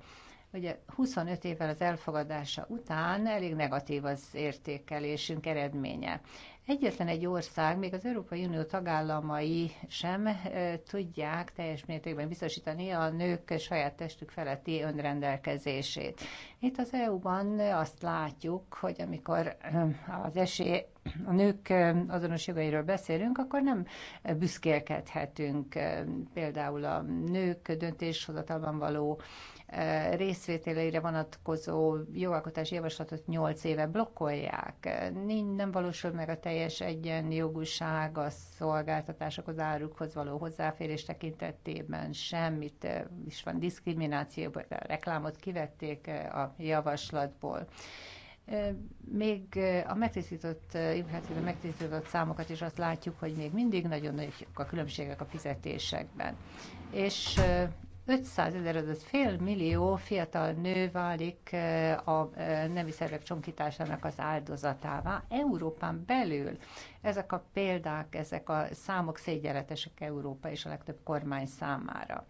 Ugye 25 évvel az elfogadása után elég negatív az értékelésünk eredménye. Egyetlen egy ország, még az Európai Unió tagállamai sem tudják teljes mértékben biztosítani a nők saját testük feletti önrendelkezését. Itt az EU-ban azt látjuk, hogy amikor az esély a nők azonos jogairól beszélünk, akkor nem büszkélkedhetünk például a nők döntéshozatalban való részvételére vonatkozó jogalkotási javaslatot 8 éve blokkolják. Nem valósul meg a teljes egyenjogúság a szolgáltatásokhoz, árukhoz való hozzáférés tekintetében semmit is van diszkrimináció, a reklámot kivették a javaslatból még a megtisztított, hát a megtisztított számokat is azt látjuk, hogy még mindig nagyon nagyok a különbségek a fizetésekben. És 500 ezer, azaz fél millió fiatal nő válik a nemi szervek csonkításának az áldozatává Európán belül. Ezek a példák, ezek a számok szégyenletesek Európa és a legtöbb kormány számára.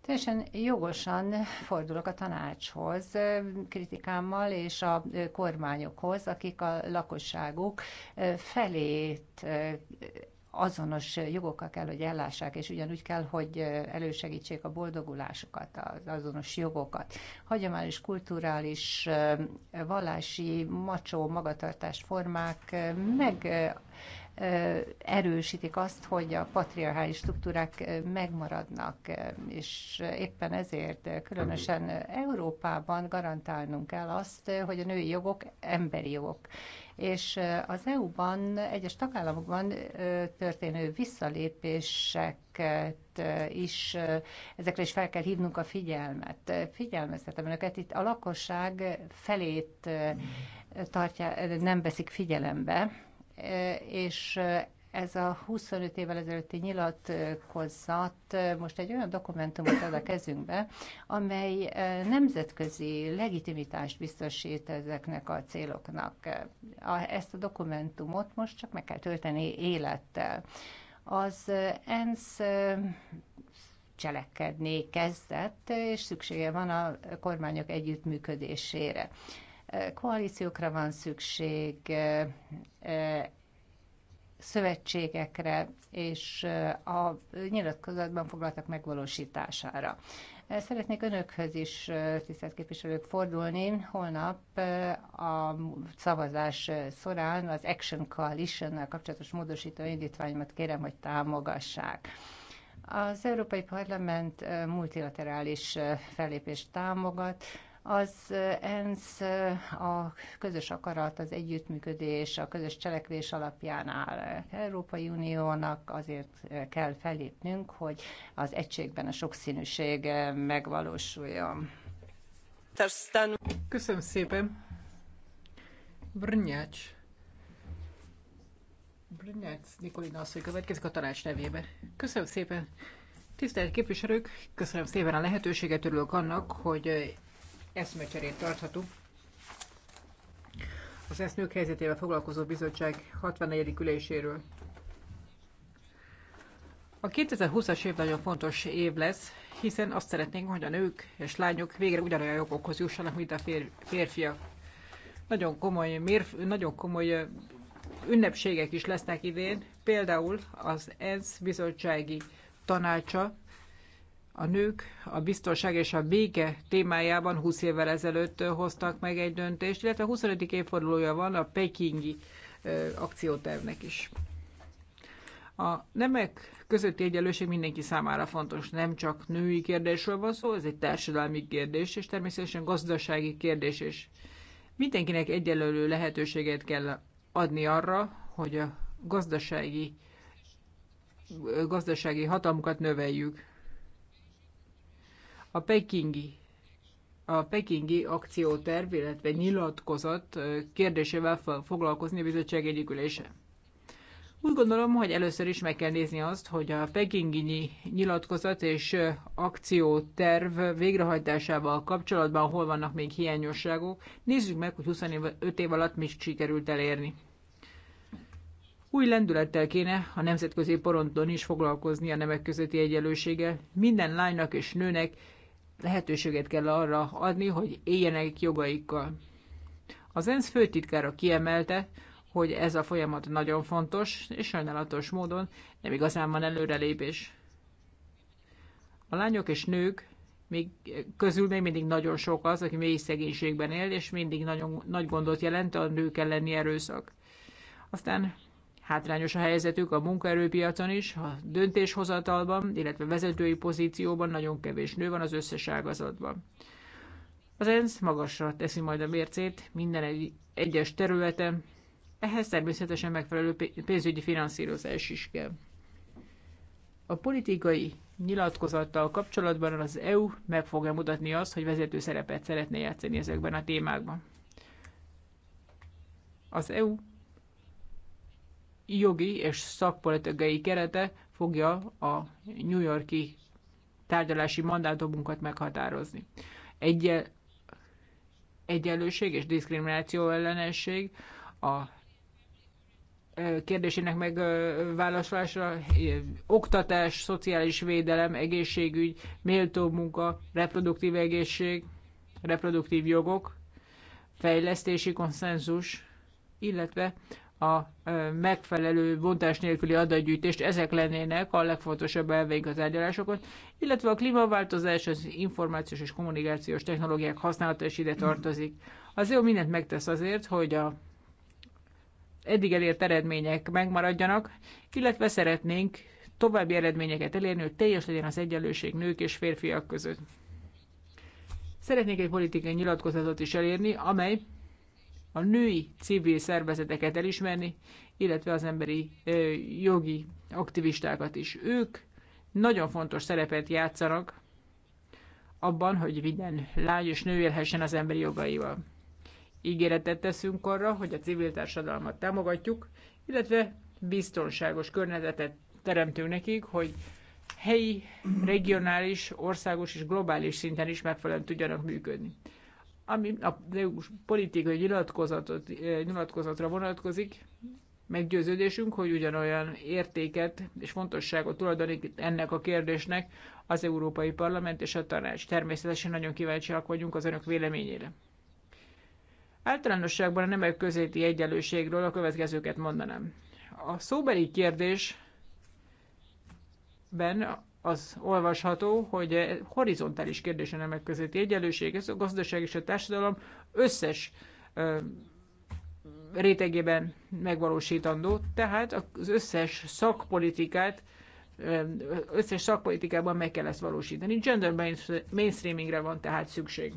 Teljesen jogosan fordulok a tanácshoz, kritikámmal és a kormányokhoz, akik a lakosságuk felét azonos jogokkal kell, hogy ellássák, és ugyanúgy kell, hogy elősegítsék a boldogulásokat, az azonos jogokat. Hagyományos, kulturális, vallási, macsó magatartás formák meg erősítik azt, hogy a patriarchális struktúrák megmaradnak, és éppen ezért különösen Európában garantálnunk kell azt, hogy a női jogok emberi jogok. És az EU-ban, egyes tagállamokban történő visszalépéseket is, ezekre is fel kell hívnunk a figyelmet. Figyelmeztetem önöket, itt a lakosság felét tartja, nem veszik figyelembe, és ez a 25 évvel ezelőtti nyilatkozat most egy olyan dokumentumot ad a kezünkbe, amely e, nemzetközi legitimitást biztosít ezeknek a céloknak. Ezt a dokumentumot most csak meg kell tölteni élettel. Az e, ENSZ e, cselekedni kezdett, és szüksége van a kormányok együttműködésére. Koalíciókra van szükség, szövetségekre és a nyilatkozatban foglaltak megvalósítására. Szeretnék önökhöz is, tisztelt képviselők, fordulni. Holnap a szavazás során az Action Coalition-nel kapcsolatos módosító indítványomat kérem, hogy támogassák. Az Európai Parlament multilaterális fellépést támogat, az ENSZ a közös akarat, az együttműködés, a közös cselekvés alapján áll. Európai Uniónak azért kell felépnünk, hogy az egységben a sokszínűség megvalósuljon. Köszönöm szépen. Brnyács. Brnyács Nikolina asszony következik a tanács nevében. Köszönöm szépen. Tisztelt képviselők, köszönöm szépen a lehetőséget, örülök annak, hogy eszmecserét tarthatunk. Az esznők helyzetével foglalkozó bizottság 64. üléséről. A 2020-as év nagyon fontos év lesz, hiszen azt szeretnénk, hogy a nők és lányok végre ugyanolyan jogokhoz jussanak, mint a férfiak. Nagyon komoly, mérf, nagyon komoly ünnepségek is lesznek idén, például az ENSZ bizottsági tanácsa a nők a biztonság és a béke témájában 20 évvel ezelőtt hoztak meg egy döntést, illetve 25. évfordulója van a pekingi akciótervnek is. A nemek közötti egyenlőség mindenki számára fontos, nem csak női kérdésről van szó, ez egy társadalmi kérdés, és természetesen gazdasági kérdés is. Mindenkinek egyenlő lehetőséget kell adni arra, hogy a gazdasági, gazdasági hatalmukat növeljük a pekingi a pekingi akcióterv, illetve nyilatkozat kérdésével foglalkozni a bizottság egyik ülése. Úgy gondolom, hogy először is meg kell nézni azt, hogy a pekingi nyilatkozat és akcióterv végrehajtásával kapcsolatban hol vannak még hiányosságok. Nézzük meg, hogy 25 év alatt mit sikerült elérni. Új lendülettel kéne a nemzetközi poronton is foglalkozni a nemek közötti egyenlőséggel. Minden lánynak és nőnek lehetőséget kell arra adni, hogy éljenek jogaikkal. Az ENSZ főtitkára kiemelte, hogy ez a folyamat nagyon fontos, és sajnálatos módon nem igazán van előrelépés. A lányok és nők még, közül még mindig nagyon sok az, aki mély szegénységben él, és mindig nagyon nagy gondot jelent a nők elleni erőszak. Aztán hátrányos a helyzetük a munkaerőpiacon is, a döntéshozatalban, illetve vezetői pozícióban nagyon kevés nő van az összes ágazatban. Az ENSZ magasra teszi majd a mércét minden egy, egyes területen, ehhez természetesen megfelelő pénzügyi finanszírozás is kell. A politikai nyilatkozattal kapcsolatban az EU meg fogja mutatni azt, hogy vezető szerepet szeretne játszani ezekben a témákban. Az EU jogi és szakpolitikai kerete fogja a New Yorki tárgyalási mandátumunkat meghatározni. Egyel, egyenlőség és diszkrimináció ellenesség a kérdésének megválaszolása, oktatás, szociális védelem, egészségügy, méltó munka, reproduktív egészség, reproduktív jogok, fejlesztési konszenzus, illetve a megfelelő bontás nélküli adatgyűjtést, ezek lennének a legfontosabb elveik az tárgyalásokon, illetve a klímaváltozás, az információs és kommunikációs technológiák használata is ide tartozik. Az jó e mindent megtesz azért, hogy a eddig elért eredmények megmaradjanak, illetve szeretnénk további eredményeket elérni, hogy teljes legyen az egyenlőség nők és férfiak között. Szeretnék egy politikai nyilatkozatot is elérni, amely a női civil szervezeteket elismerni, illetve az emberi jogi aktivistákat is. Ők nagyon fontos szerepet játszanak abban, hogy minden lány és nő élhessen az emberi jogaival. Ígéretet teszünk arra, hogy a civil társadalmat támogatjuk, illetve biztonságos környezetet teremtünk nekik, hogy helyi, regionális, országos és globális szinten is megfelelően tudjanak működni. Ami a politikai nyilatkozatot, eh, nyilatkozatra vonatkozik, meggyőződésünk, hogy ugyanolyan értéket és fontosságot tulajdonít ennek a kérdésnek az Európai Parlament és a Tanács. Természetesen nagyon kíváncsiak vagyunk az önök véleményére. Általánosságban a nemek közéti egyenlőségről a következőket mondanám. A szóbeli kérdésben az olvasható, hogy e, horizontális kérdésen nemek közötti egyenlőség, ez a gazdaság és a társadalom összes rétegében megvalósítandó, tehát az összes szakpolitikát összes szakpolitikában meg kell ezt valósítani. Gender mainstreamingre van tehát szükség.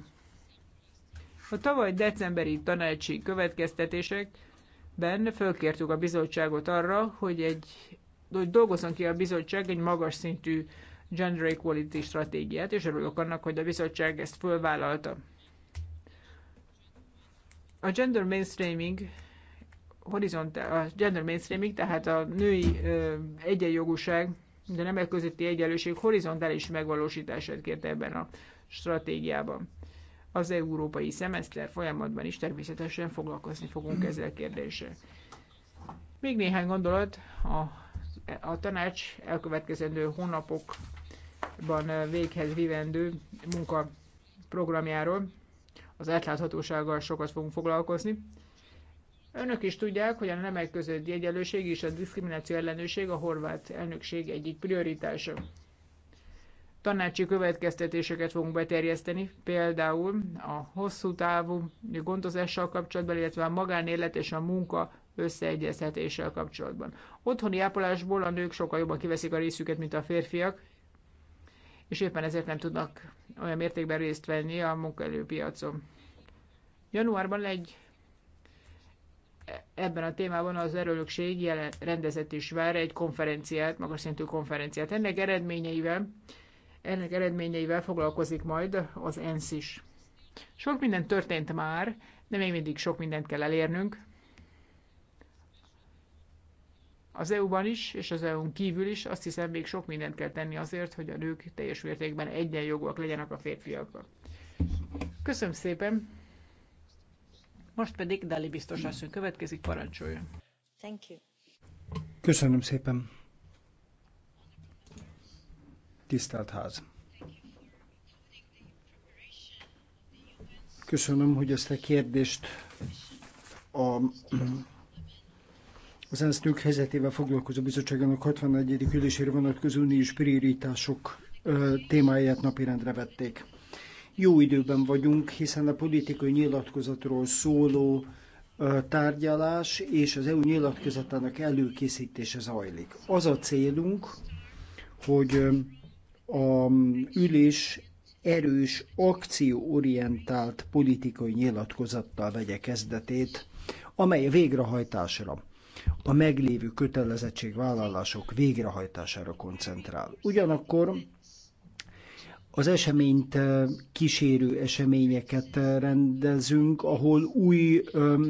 A tavaly decemberi tanácsi következtetésekben fölkértük a bizottságot arra, hogy egy hogy dolgozzon ki a bizottság egy magas szintű gender equality stratégiát, és örülök annak, hogy a bizottság ezt fölvállalta. A gender mainstreaming horizontál, a gender mainstreaming, tehát a női ö, egyenjogúság, de egy közötti egyenlőség horizontális megvalósítását kérte ebben a stratégiában. Az európai szemeszter folyamatban is természetesen foglalkozni fogunk ezzel a kérdéssel. Még néhány gondolat a a tanács elkövetkezendő hónapokban véghez vivendő munka programjáról. Az átláthatósággal sokat fogunk foglalkozni. Önök is tudják, hogy a nemek közötti egyenlőség és a diszkrimináció ellenőség a horvát elnökség egyik prioritása. Tanácsi következtetéseket fogunk beterjeszteni, például a hosszú távú gondozással kapcsolatban, illetve a magánélet és a munka összeegyeztetéssel kapcsolatban. Otthoni ápolásból a nők sokkal jobban kiveszik a részüket, mint a férfiak, és éppen ezért nem tudnak olyan mértékben részt venni a munkaerőpiacon. Januárban egy ebben a témában az erőlökség jelen, rendezett is vár egy konferenciát, magas szintű konferenciát. Ennek eredményeivel, ennek eredményeivel foglalkozik majd az ENSZ is. Sok minden történt már, de még mindig sok mindent kell elérnünk. Az EU-ban is, és az EU-n kívül is azt hiszem még sok mindent kell tenni azért, hogy a nők teljes mértékben egyenjogúak legyenek a férfiakkal. Köszönöm szépen! Most pedig Dali biztos asszony következik, parancsoljon. Thank you. Köszönöm szépen. Tisztelt ház. Köszönöm, hogy ezt a kérdést a az ENSZ nők helyzetével foglalkozó bizottságának 61. ülésére vonatkozó uniós prioritások témáját napirendre vették. Jó időben vagyunk, hiszen a politikai nyilatkozatról szóló tárgyalás és az EU nyilatkozatának előkészítése zajlik. Az a célunk, hogy a ülés erős, akcióorientált politikai nyilatkozattal vegye kezdetét, amely a végrehajtásra, a meglévő kötelezettségvállalások végrehajtására koncentrál. Ugyanakkor az eseményt kísérő eseményeket rendezünk, ahol új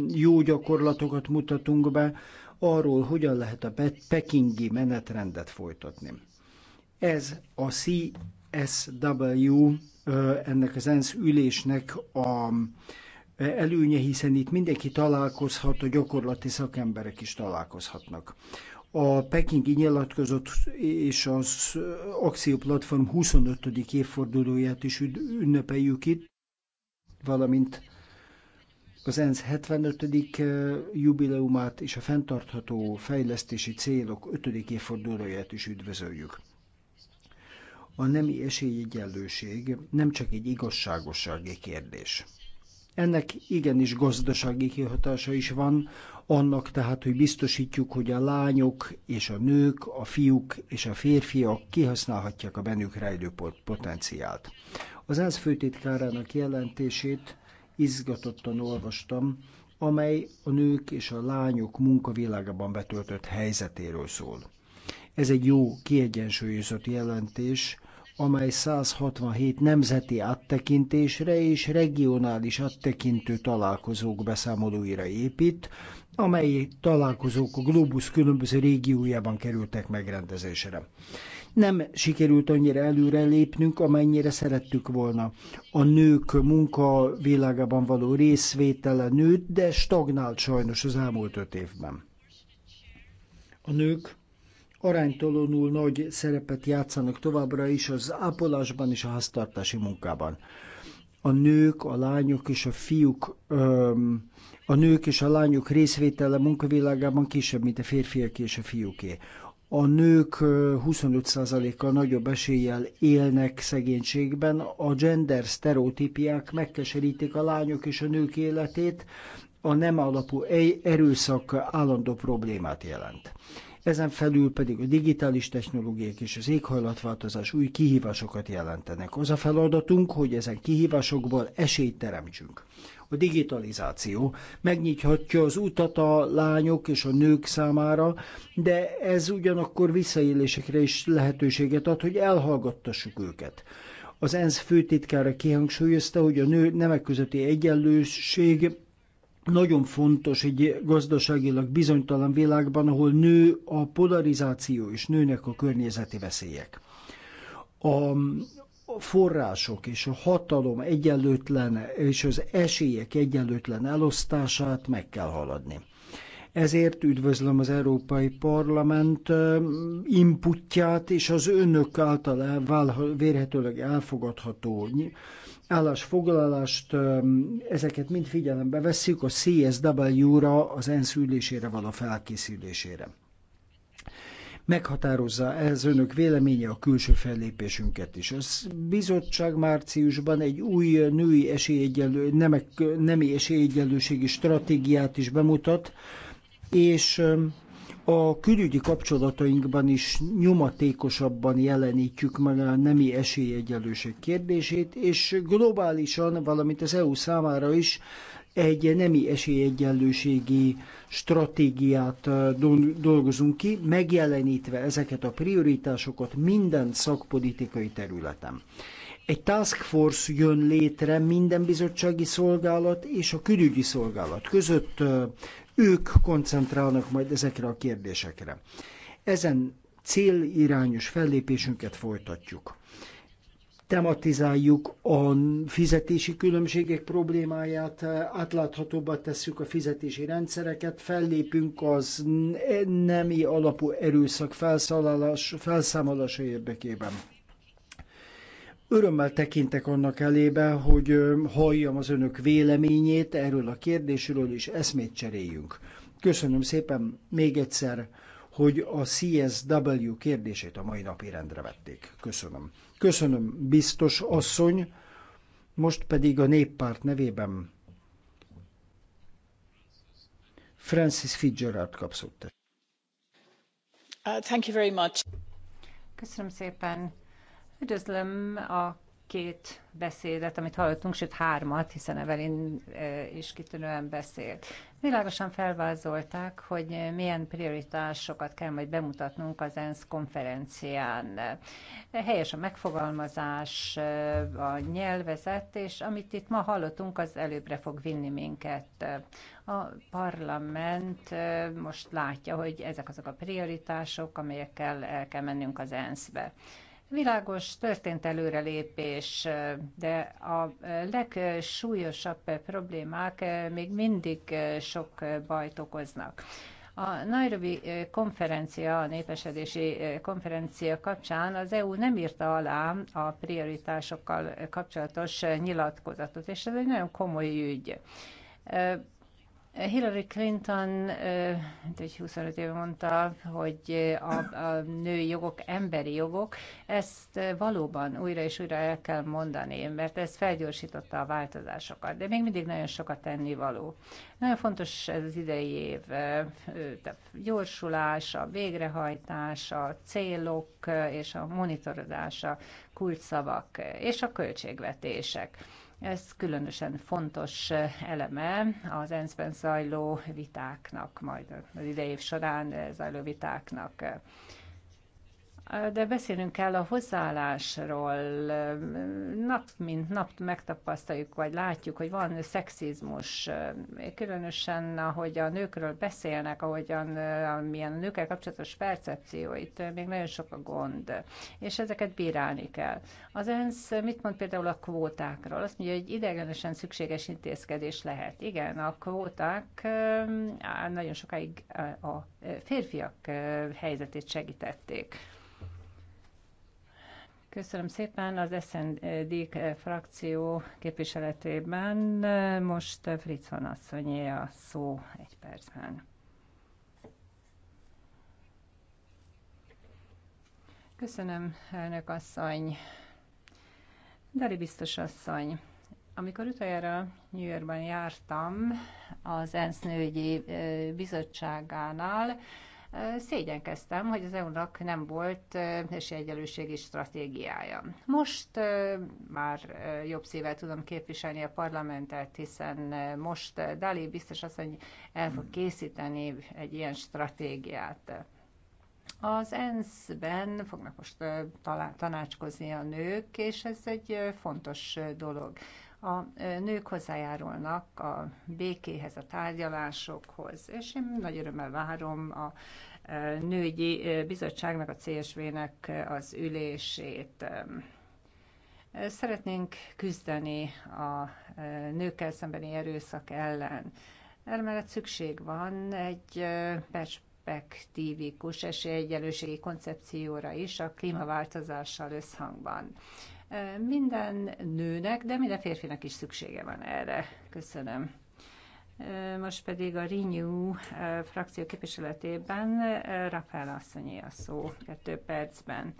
jó gyakorlatokat mutatunk be arról, hogyan lehet a pekingi menetrendet folytatni. Ez a CSW ennek az ENSZ ülésnek a előnye, hiszen itt mindenki találkozhat, a gyakorlati szakemberek is találkozhatnak. A pekingi nyilatkozott és az Axio Platform 25. évfordulóját is ünnepeljük itt, valamint az ENSZ 75. Eh, jubileumát és a fenntartható fejlesztési célok 5. évfordulóját is üdvözöljük. A nemi esélyegyenlőség nem csak egy igazságossági kérdés ennek igenis gazdasági kihatása is van, annak tehát, hogy biztosítjuk, hogy a lányok és a nők, a fiúk és a férfiak kihasználhatják a bennük rejlő potenciált. Az ENSZ főtitkárának jelentését izgatottan olvastam, amely a nők és a lányok munkavilágában betöltött helyzetéről szól. Ez egy jó, kiegyensúlyozott jelentés, amely 167 nemzeti áttekintésre és regionális áttekintő találkozók beszámolóira épít, amely találkozók a Globus különböző régiójában kerültek megrendezésre. Nem sikerült annyira előre lépnünk, amennyire szerettük volna. A nők munka világában való részvétele nőtt, de stagnált sajnos az elmúlt öt évben. A nők aránytalanul nagy szerepet játszanak továbbra is az ápolásban és a háztartási munkában. A nők, a lányok és a fiúk, a nők és a lányok részvétele munkavilágában kisebb, mint a férfiak és a fiúké. A nők 25%-kal nagyobb eséllyel élnek szegénységben, a gender sztereotípiák megkeserítik a lányok és a nők életét, a nem alapú erőszak állandó problémát jelent. Ezen felül pedig a digitális technológiák és az éghajlatváltozás új kihívásokat jelentenek. Az a feladatunk, hogy ezen kihívásokból esélyt teremtsünk. A digitalizáció megnyithatja az utat a lányok és a nők számára, de ez ugyanakkor visszaélésekre is lehetőséget ad, hogy elhallgattassuk őket. Az ENSZ főtitkára kihangsúlyozta, hogy a nő nemek közötti egyenlőség nagyon fontos egy gazdaságilag bizonytalan világban, ahol nő a polarizáció és nőnek a környezeti veszélyek. A, források és a hatalom egyenlőtlen és az esélyek egyenlőtlen elosztását meg kell haladni. Ezért üdvözlöm az Európai Parlament inputját és az önök által vérhetőleg elfogadható állásfoglalást, ezeket mind figyelembe vesszük a CSW-ra, az ENSZ ülésére való felkészülésére. Meghatározza ez önök véleménye a külső fellépésünket is. A bizottság márciusban egy új női esélyegyelő, nemek, nemi esélyegyelőségi stratégiát is bemutat, és a külügyi kapcsolatainkban is nyomatékosabban jelenítjük meg a nemi esélyegyenlőség kérdését, és globálisan, valamint az EU számára is egy nemi esélyegyenlőségi stratégiát dolgozunk ki, megjelenítve ezeket a prioritásokat minden szakpolitikai területen. Egy task force jön létre minden bizottsági szolgálat és a külügyi szolgálat között. Ők koncentrálnak majd ezekre a kérdésekre. Ezen célirányos fellépésünket folytatjuk. Tematizáljuk a fizetési különbségek problémáját, átláthatóbbá tesszük a fizetési rendszereket, fellépünk az nemi alapú erőszak felszámolása érdekében Örömmel tekintek annak elébe, hogy halljam az önök véleményét erről a kérdésről, és eszmét cseréljünk. Köszönöm szépen még egyszer, hogy a CSW kérdését a mai napi rendre vették. Köszönöm. Köszönöm, biztos asszony. Most pedig a néppárt nevében Francis Fitzgerald kapszott. Uh, thank you very much. Köszönöm szépen. Üdvözlöm a két beszédet, amit hallottunk, sőt hármat, hiszen evelin is kitűnően beszélt. Világosan felvázolták, hogy milyen prioritásokat kell majd bemutatnunk az ENSZ konferencián. Helyes a megfogalmazás, a nyelvezet, és amit itt ma hallottunk, az előbbre fog vinni minket. A parlament most látja, hogy ezek azok a prioritások, amelyekkel el kell mennünk az ENSZ-be. Világos, történt előrelépés, de a legsúlyosabb problémák még mindig sok bajt okoznak. A Nairobi konferencia, a népesedési konferencia kapcsán az EU nem írta alá a prioritásokkal kapcsolatos nyilatkozatot, és ez egy nagyon komoly ügy Hillary Clinton egy 25 éve mondta, hogy a, a női jogok emberi jogok, ezt valóban újra és újra el kell mondani, mert ez felgyorsította a változásokat, de még mindig nagyon sokat tenni való. Nagyon fontos ez az idei év, gyorsulása, végrehajtása, célok és a monitorozása, kulcsszavak és a költségvetések. Ez különösen fontos eh, eleme az ENSZ-ben zajló vitáknak, majd az idei év során eh, zajló vitáknak de beszélnünk kell a hozzáállásról. Nap mint nap megtapasztaljuk, vagy látjuk, hogy van szexizmus, különösen ahogy a nőkről beszélnek, ahogyan milyen nőkkel kapcsolatos percepció, itt még nagyon sok a gond, és ezeket bírálni kell. Az ENSZ mit mond például a kvótákról? Azt mondja, hogy idegenesen szükséges intézkedés lehet. Igen, a kvóták eh, nagyon sokáig eh, a férfiak eh, helyzetét segítették. Köszönöm szépen az SND frakció képviseletében. Most Fritzon asszonyé a szó egy percben. Köszönöm, elnök asszony. Deli biztos asszony, amikor utoljára New Yorkban jártam az ENSZ nőgyi bizottságánál, Szégyenkeztem, hogy az EU-nak nem volt esélyegyelőségi stratégiája. Most már jobb szívvel tudom képviselni a parlamentet, hiszen most Dali biztos azt, hogy el fog készíteni egy ilyen stratégiát. Az ENSZ-ben fognak most tanácskozni a nők, és ez egy fontos dolog a nők hozzájárulnak a békéhez, a tárgyalásokhoz, és én nagy örömmel várom a nőgyi bizottságnak, a CSV-nek az ülését. Szeretnénk küzdeni a nőkkel szembeni erőszak ellen. Emellett szükség van egy perspektívikus esélyegyelőségi koncepcióra is a klímaváltozással összhangban. Minden nőnek, de minden férfinak is szüksége van erre. Köszönöm. Most pedig a Renew eh, frakció képviseletében eh, Rafael asszonyi a szó kettő percben.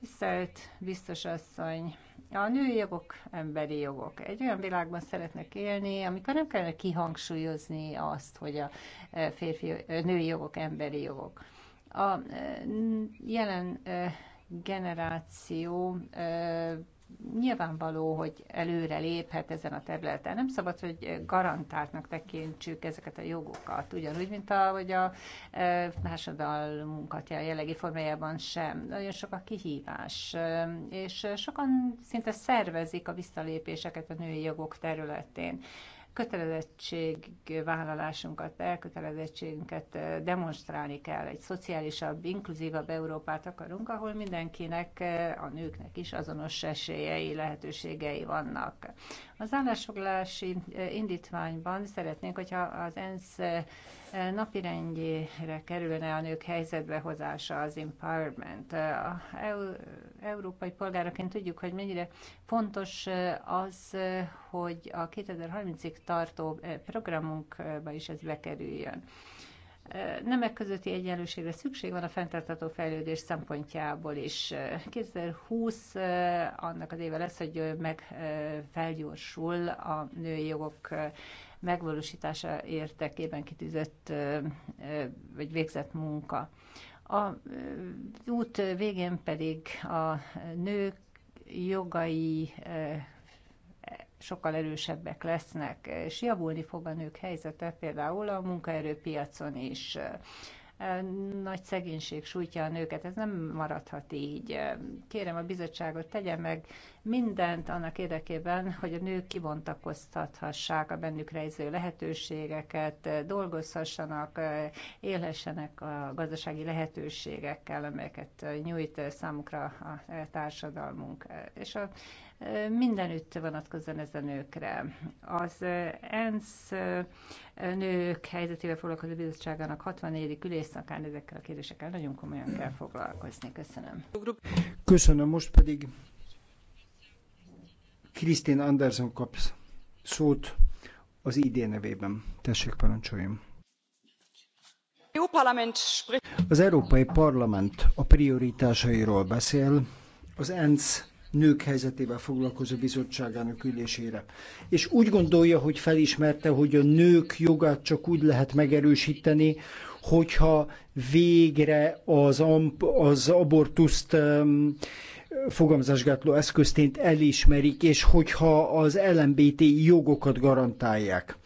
Tisztelt biztos asszony, a női jogok emberi jogok. Egy olyan világban szeretnek élni, amikor nem kellene kihangsúlyozni azt, hogy a eh, férfi, női jogok emberi jogok. A jelen generáció nyilvánvaló, hogy előre léphet ezen a területen. Nem szabad, hogy garantáltnak tekintsük ezeket a jogokat, ugyanúgy, mint ahogy a e, társadalmunkat a jellegi formájában sem. Nagyon sok a kihívás, e, és sokan szinte szervezik a visszalépéseket a női jogok területén kötelezettségvállalásunkat, elkötelezettségünket demonstrálni kell. Egy szociálisabb, inkluzívabb Európát akarunk, ahol mindenkinek, a nőknek is azonos esélyei, lehetőségei vannak. Az állásfoglalási eh, indítványban szeretnénk, hogyha az ENSZ eh, napirendjére kerülne a nők helyzetbe hozása, az empowerment. Eh, a európai polgáraként tudjuk, hogy mennyire fontos az, hogy a 2030-ig tartó programunkba is ez bekerüljön nemek közötti egyenlőségre szükség van a fenntartható fejlődés szempontjából is. 2020 annak az éve lesz, hogy meg felgyorsul a női jogok megvalósítása értekében kitűzött vagy végzett munka. A út végén pedig a nők jogai sokkal erősebbek lesznek, és javulni fog a nők helyzete például a munkaerőpiacon is. E, nagy szegénység sújtja a nőket, ez nem maradhat így. E, kérem a bizottságot, tegye meg mindent annak érdekében, hogy a nők kibontakoztathassák a bennük rejző lehetőségeket, e, dolgozhassanak, élhessenek a gazdasági lehetőségekkel, amelyeket nyújt számukra a társadalmunk. És a mindenütt vonatkozzon ez a nőkre. Az ENSZ nők helyzetével foglalkozó bizottságának 64. ülésszakán ezekkel a kérdésekkel nagyon komolyan kell foglalkozni. Köszönöm. Köszönöm, most pedig Krisztin Anderson kapsz szót az ID nevében. Tessék, parancsoljon. Az Európai Parlament a prioritásairól beszél, az ENSZ nők helyzetével foglalkozó bizottságának ülésére. És úgy gondolja, hogy felismerte, hogy a nők jogát csak úgy lehet megerősíteni, hogyha végre az, amp, az abortuszt um, fogamzásgátló eszköztént elismerik, és hogyha az LMBT jogokat garantálják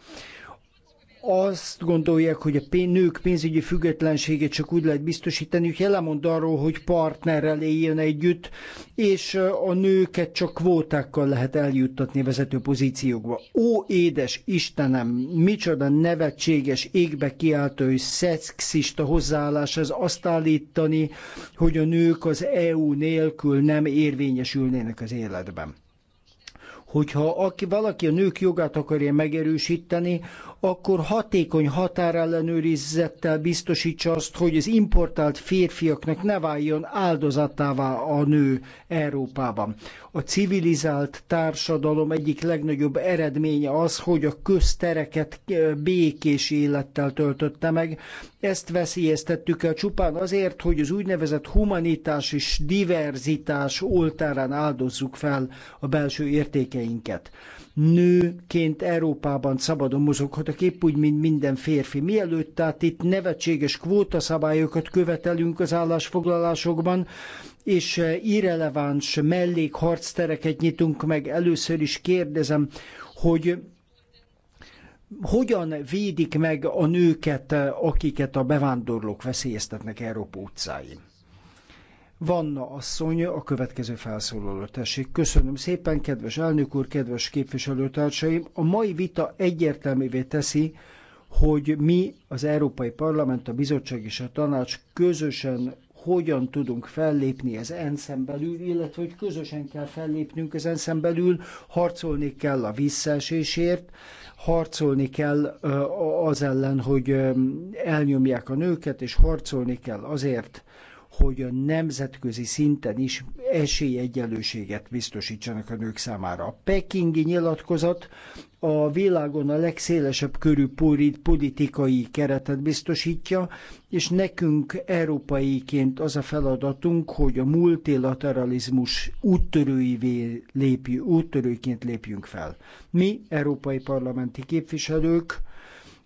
azt gondolják, hogy a nők pénzügyi függetlenségét csak úgy lehet biztosítani, hogy lemond arról, hogy partnerrel éljen együtt, és a nőket csak kvótákkal lehet eljuttatni vezető pozíciókba. Ó, édes Istenem, micsoda nevetséges, égbe kiáltó és szexista hozzáállás ez azt állítani, hogy a nők az EU nélkül nem érvényesülnének az életben hogyha aki, valaki a nők jogát akarja megerősíteni, akkor hatékony határellenőrizettel biztosítsa azt, hogy az importált férfiaknak ne váljon áldozatává a nő Európában. A civilizált társadalom egyik legnagyobb eredménye az, hogy a köztereket eh, békés élettel töltötte meg, ezt veszélyeztettük el csupán azért, hogy az úgynevezett humanitás és diverzitás oltárán áldozzuk fel a belső értékeinket. Nőként Európában szabadon mozoghatok, épp úgy, mint minden férfi. Mielőtt tehát itt nevetséges kvótaszabályokat követelünk az állásfoglalásokban, és irreleváns mellékharctereket nyitunk meg, először is kérdezem, hogy hogyan védik meg a nőket, akiket a bevándorlók veszélyeztetnek Európa utcáin? Vanna asszony, a következő felszólaló tessék. Köszönöm szépen, kedves elnök úr, kedves képviselőtársaim. A mai vita egyértelművé teszi, hogy mi, az Európai Parlament, a Bizottság és a Tanács közösen hogyan tudunk fellépni az enszem belül, illetve hogy közösen kell fellépnünk az enszem belül, harcolni kell a visszaesésért, harcolni kell az ellen, hogy elnyomják a nőket, és harcolni kell azért, hogy a nemzetközi szinten is esélyegyenlőséget biztosítsanak a nők számára. A pekingi nyilatkozat a világon a legszélesebb körű politikai keretet biztosítja, és nekünk európaiként az a feladatunk, hogy a multilateralizmus úttörőivé lépj, úttörőként lépjünk fel. Mi, európai parlamenti képviselők,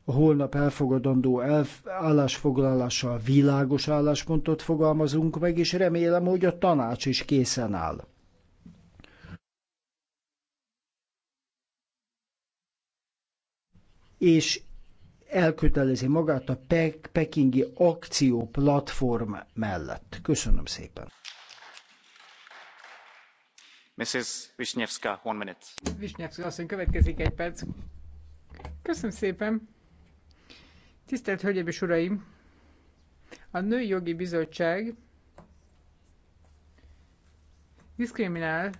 a holnap elfogadandó elf, állásfoglalással világos álláspontot fogalmazunk meg, és remélem, hogy a tanács is készen áll. És elkötelezi magát a Pek Pekingi Akció Platform mellett. Köszönöm szépen. Mrs. Wisniewska, one minute. Wisniewska, asszony, következik egy perc. Köszönöm szépen. Tisztelt Hölgyeim és Uraim! A Női Jogi Bizottság diszkriminál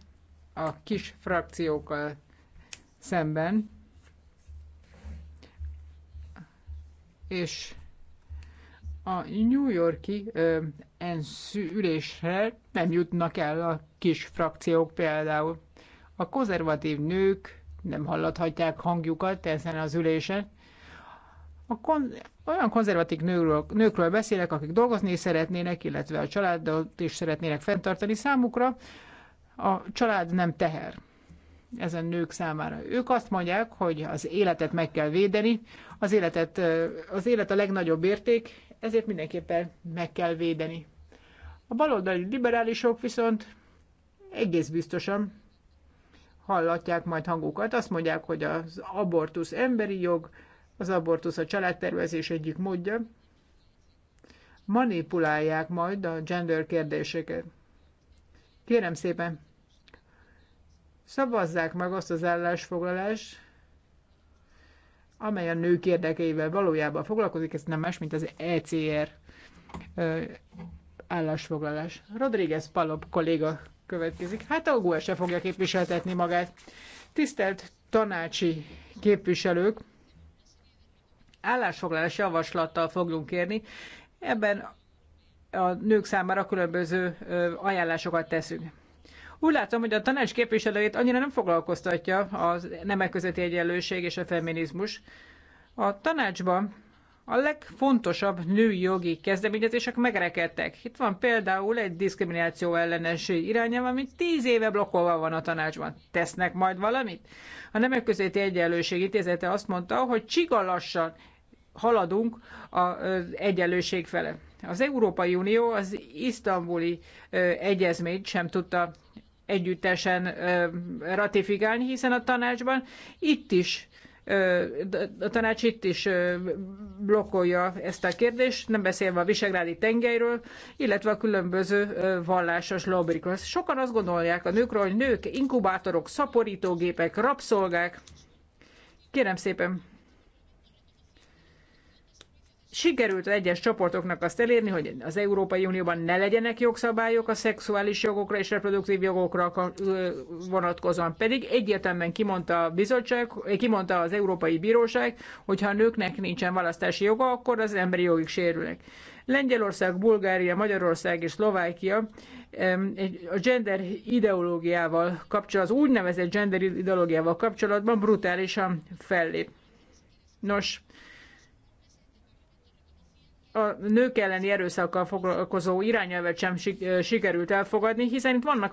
a kis frakciókkal szemben, és a New Yorki ENSZ ülésre nem jutnak el a kis frakciók például. A konzervatív nők nem hallathatják hangjukat ezen az ülésen, a kon- olyan konzervatív nőről, nőkről beszélek, akik dolgozni szeretnének, illetve a családot is szeretnének fenntartani számukra. A család nem teher ezen nők számára. Ők azt mondják, hogy az életet meg kell védeni, az, életet, az élet a legnagyobb érték, ezért mindenképpen meg kell védeni. A baloldali liberálisok viszont egész biztosan hallatják majd hangukat. Azt mondják, hogy az abortusz emberi jog, az abortusz a családtervezés egyik módja. Manipulálják majd a gender kérdéseket. Kérem szépen, szavazzák meg azt az állásfoglalást, amely a nők érdekeivel valójában foglalkozik, ez nem más, mint az ECR állásfoglalás. Rodríguez Palop kolléga következik. Hát a se fogja képviseltetni magát. Tisztelt tanácsi képviselők, állásfoglalás javaslattal fogjunk kérni. Ebben a nők számára különböző ajánlásokat teszünk. Úgy látom, hogy a tanács képviselőjét annyira nem foglalkoztatja a nemek közötti egyenlőség és a feminizmus. A tanácsban a legfontosabb női jogi kezdeményezések megrekedtek. Itt van például egy diszkrimináció ellenes irányelv, ami tíz éve blokkolva van a tanácsban. Tesznek majd valamit? A Nemek Közötti Egyenlőség Intézete azt mondta, hogy csigalassan haladunk az egyenlőség fele. Az Európai Unió az isztambuli egyezményt sem tudta együttesen ratifikálni, hiszen a tanácsban itt is a tanács itt is blokkolja ezt a kérdést, nem beszélve a visegrádi tengelyről, illetve a különböző vallásos lobbikról. Sokan azt gondolják a nőkről, hogy nők inkubátorok, szaporítógépek, rabszolgák. Kérem szépen, sikerült egyes csoportoknak azt elérni, hogy az Európai Unióban ne legyenek jogszabályok a szexuális jogokra és reproduktív jogokra vonatkozóan. Pedig egyértelműen kimondta, a bizottság, eh, kimondta az Európai Bíróság, hogy ha a nőknek nincsen választási joga, akkor az emberi jogik sérülnek. Lengyelország, Bulgária, Magyarország és Szlovákia a gender ideológiával kapcsolatban, az úgynevezett gender ideológiával kapcsolatban brutálisan fellép. Nos, a nők elleni erőszakkal foglalkozó irányelvet sem sikerült elfogadni, hiszen itt vannak olyan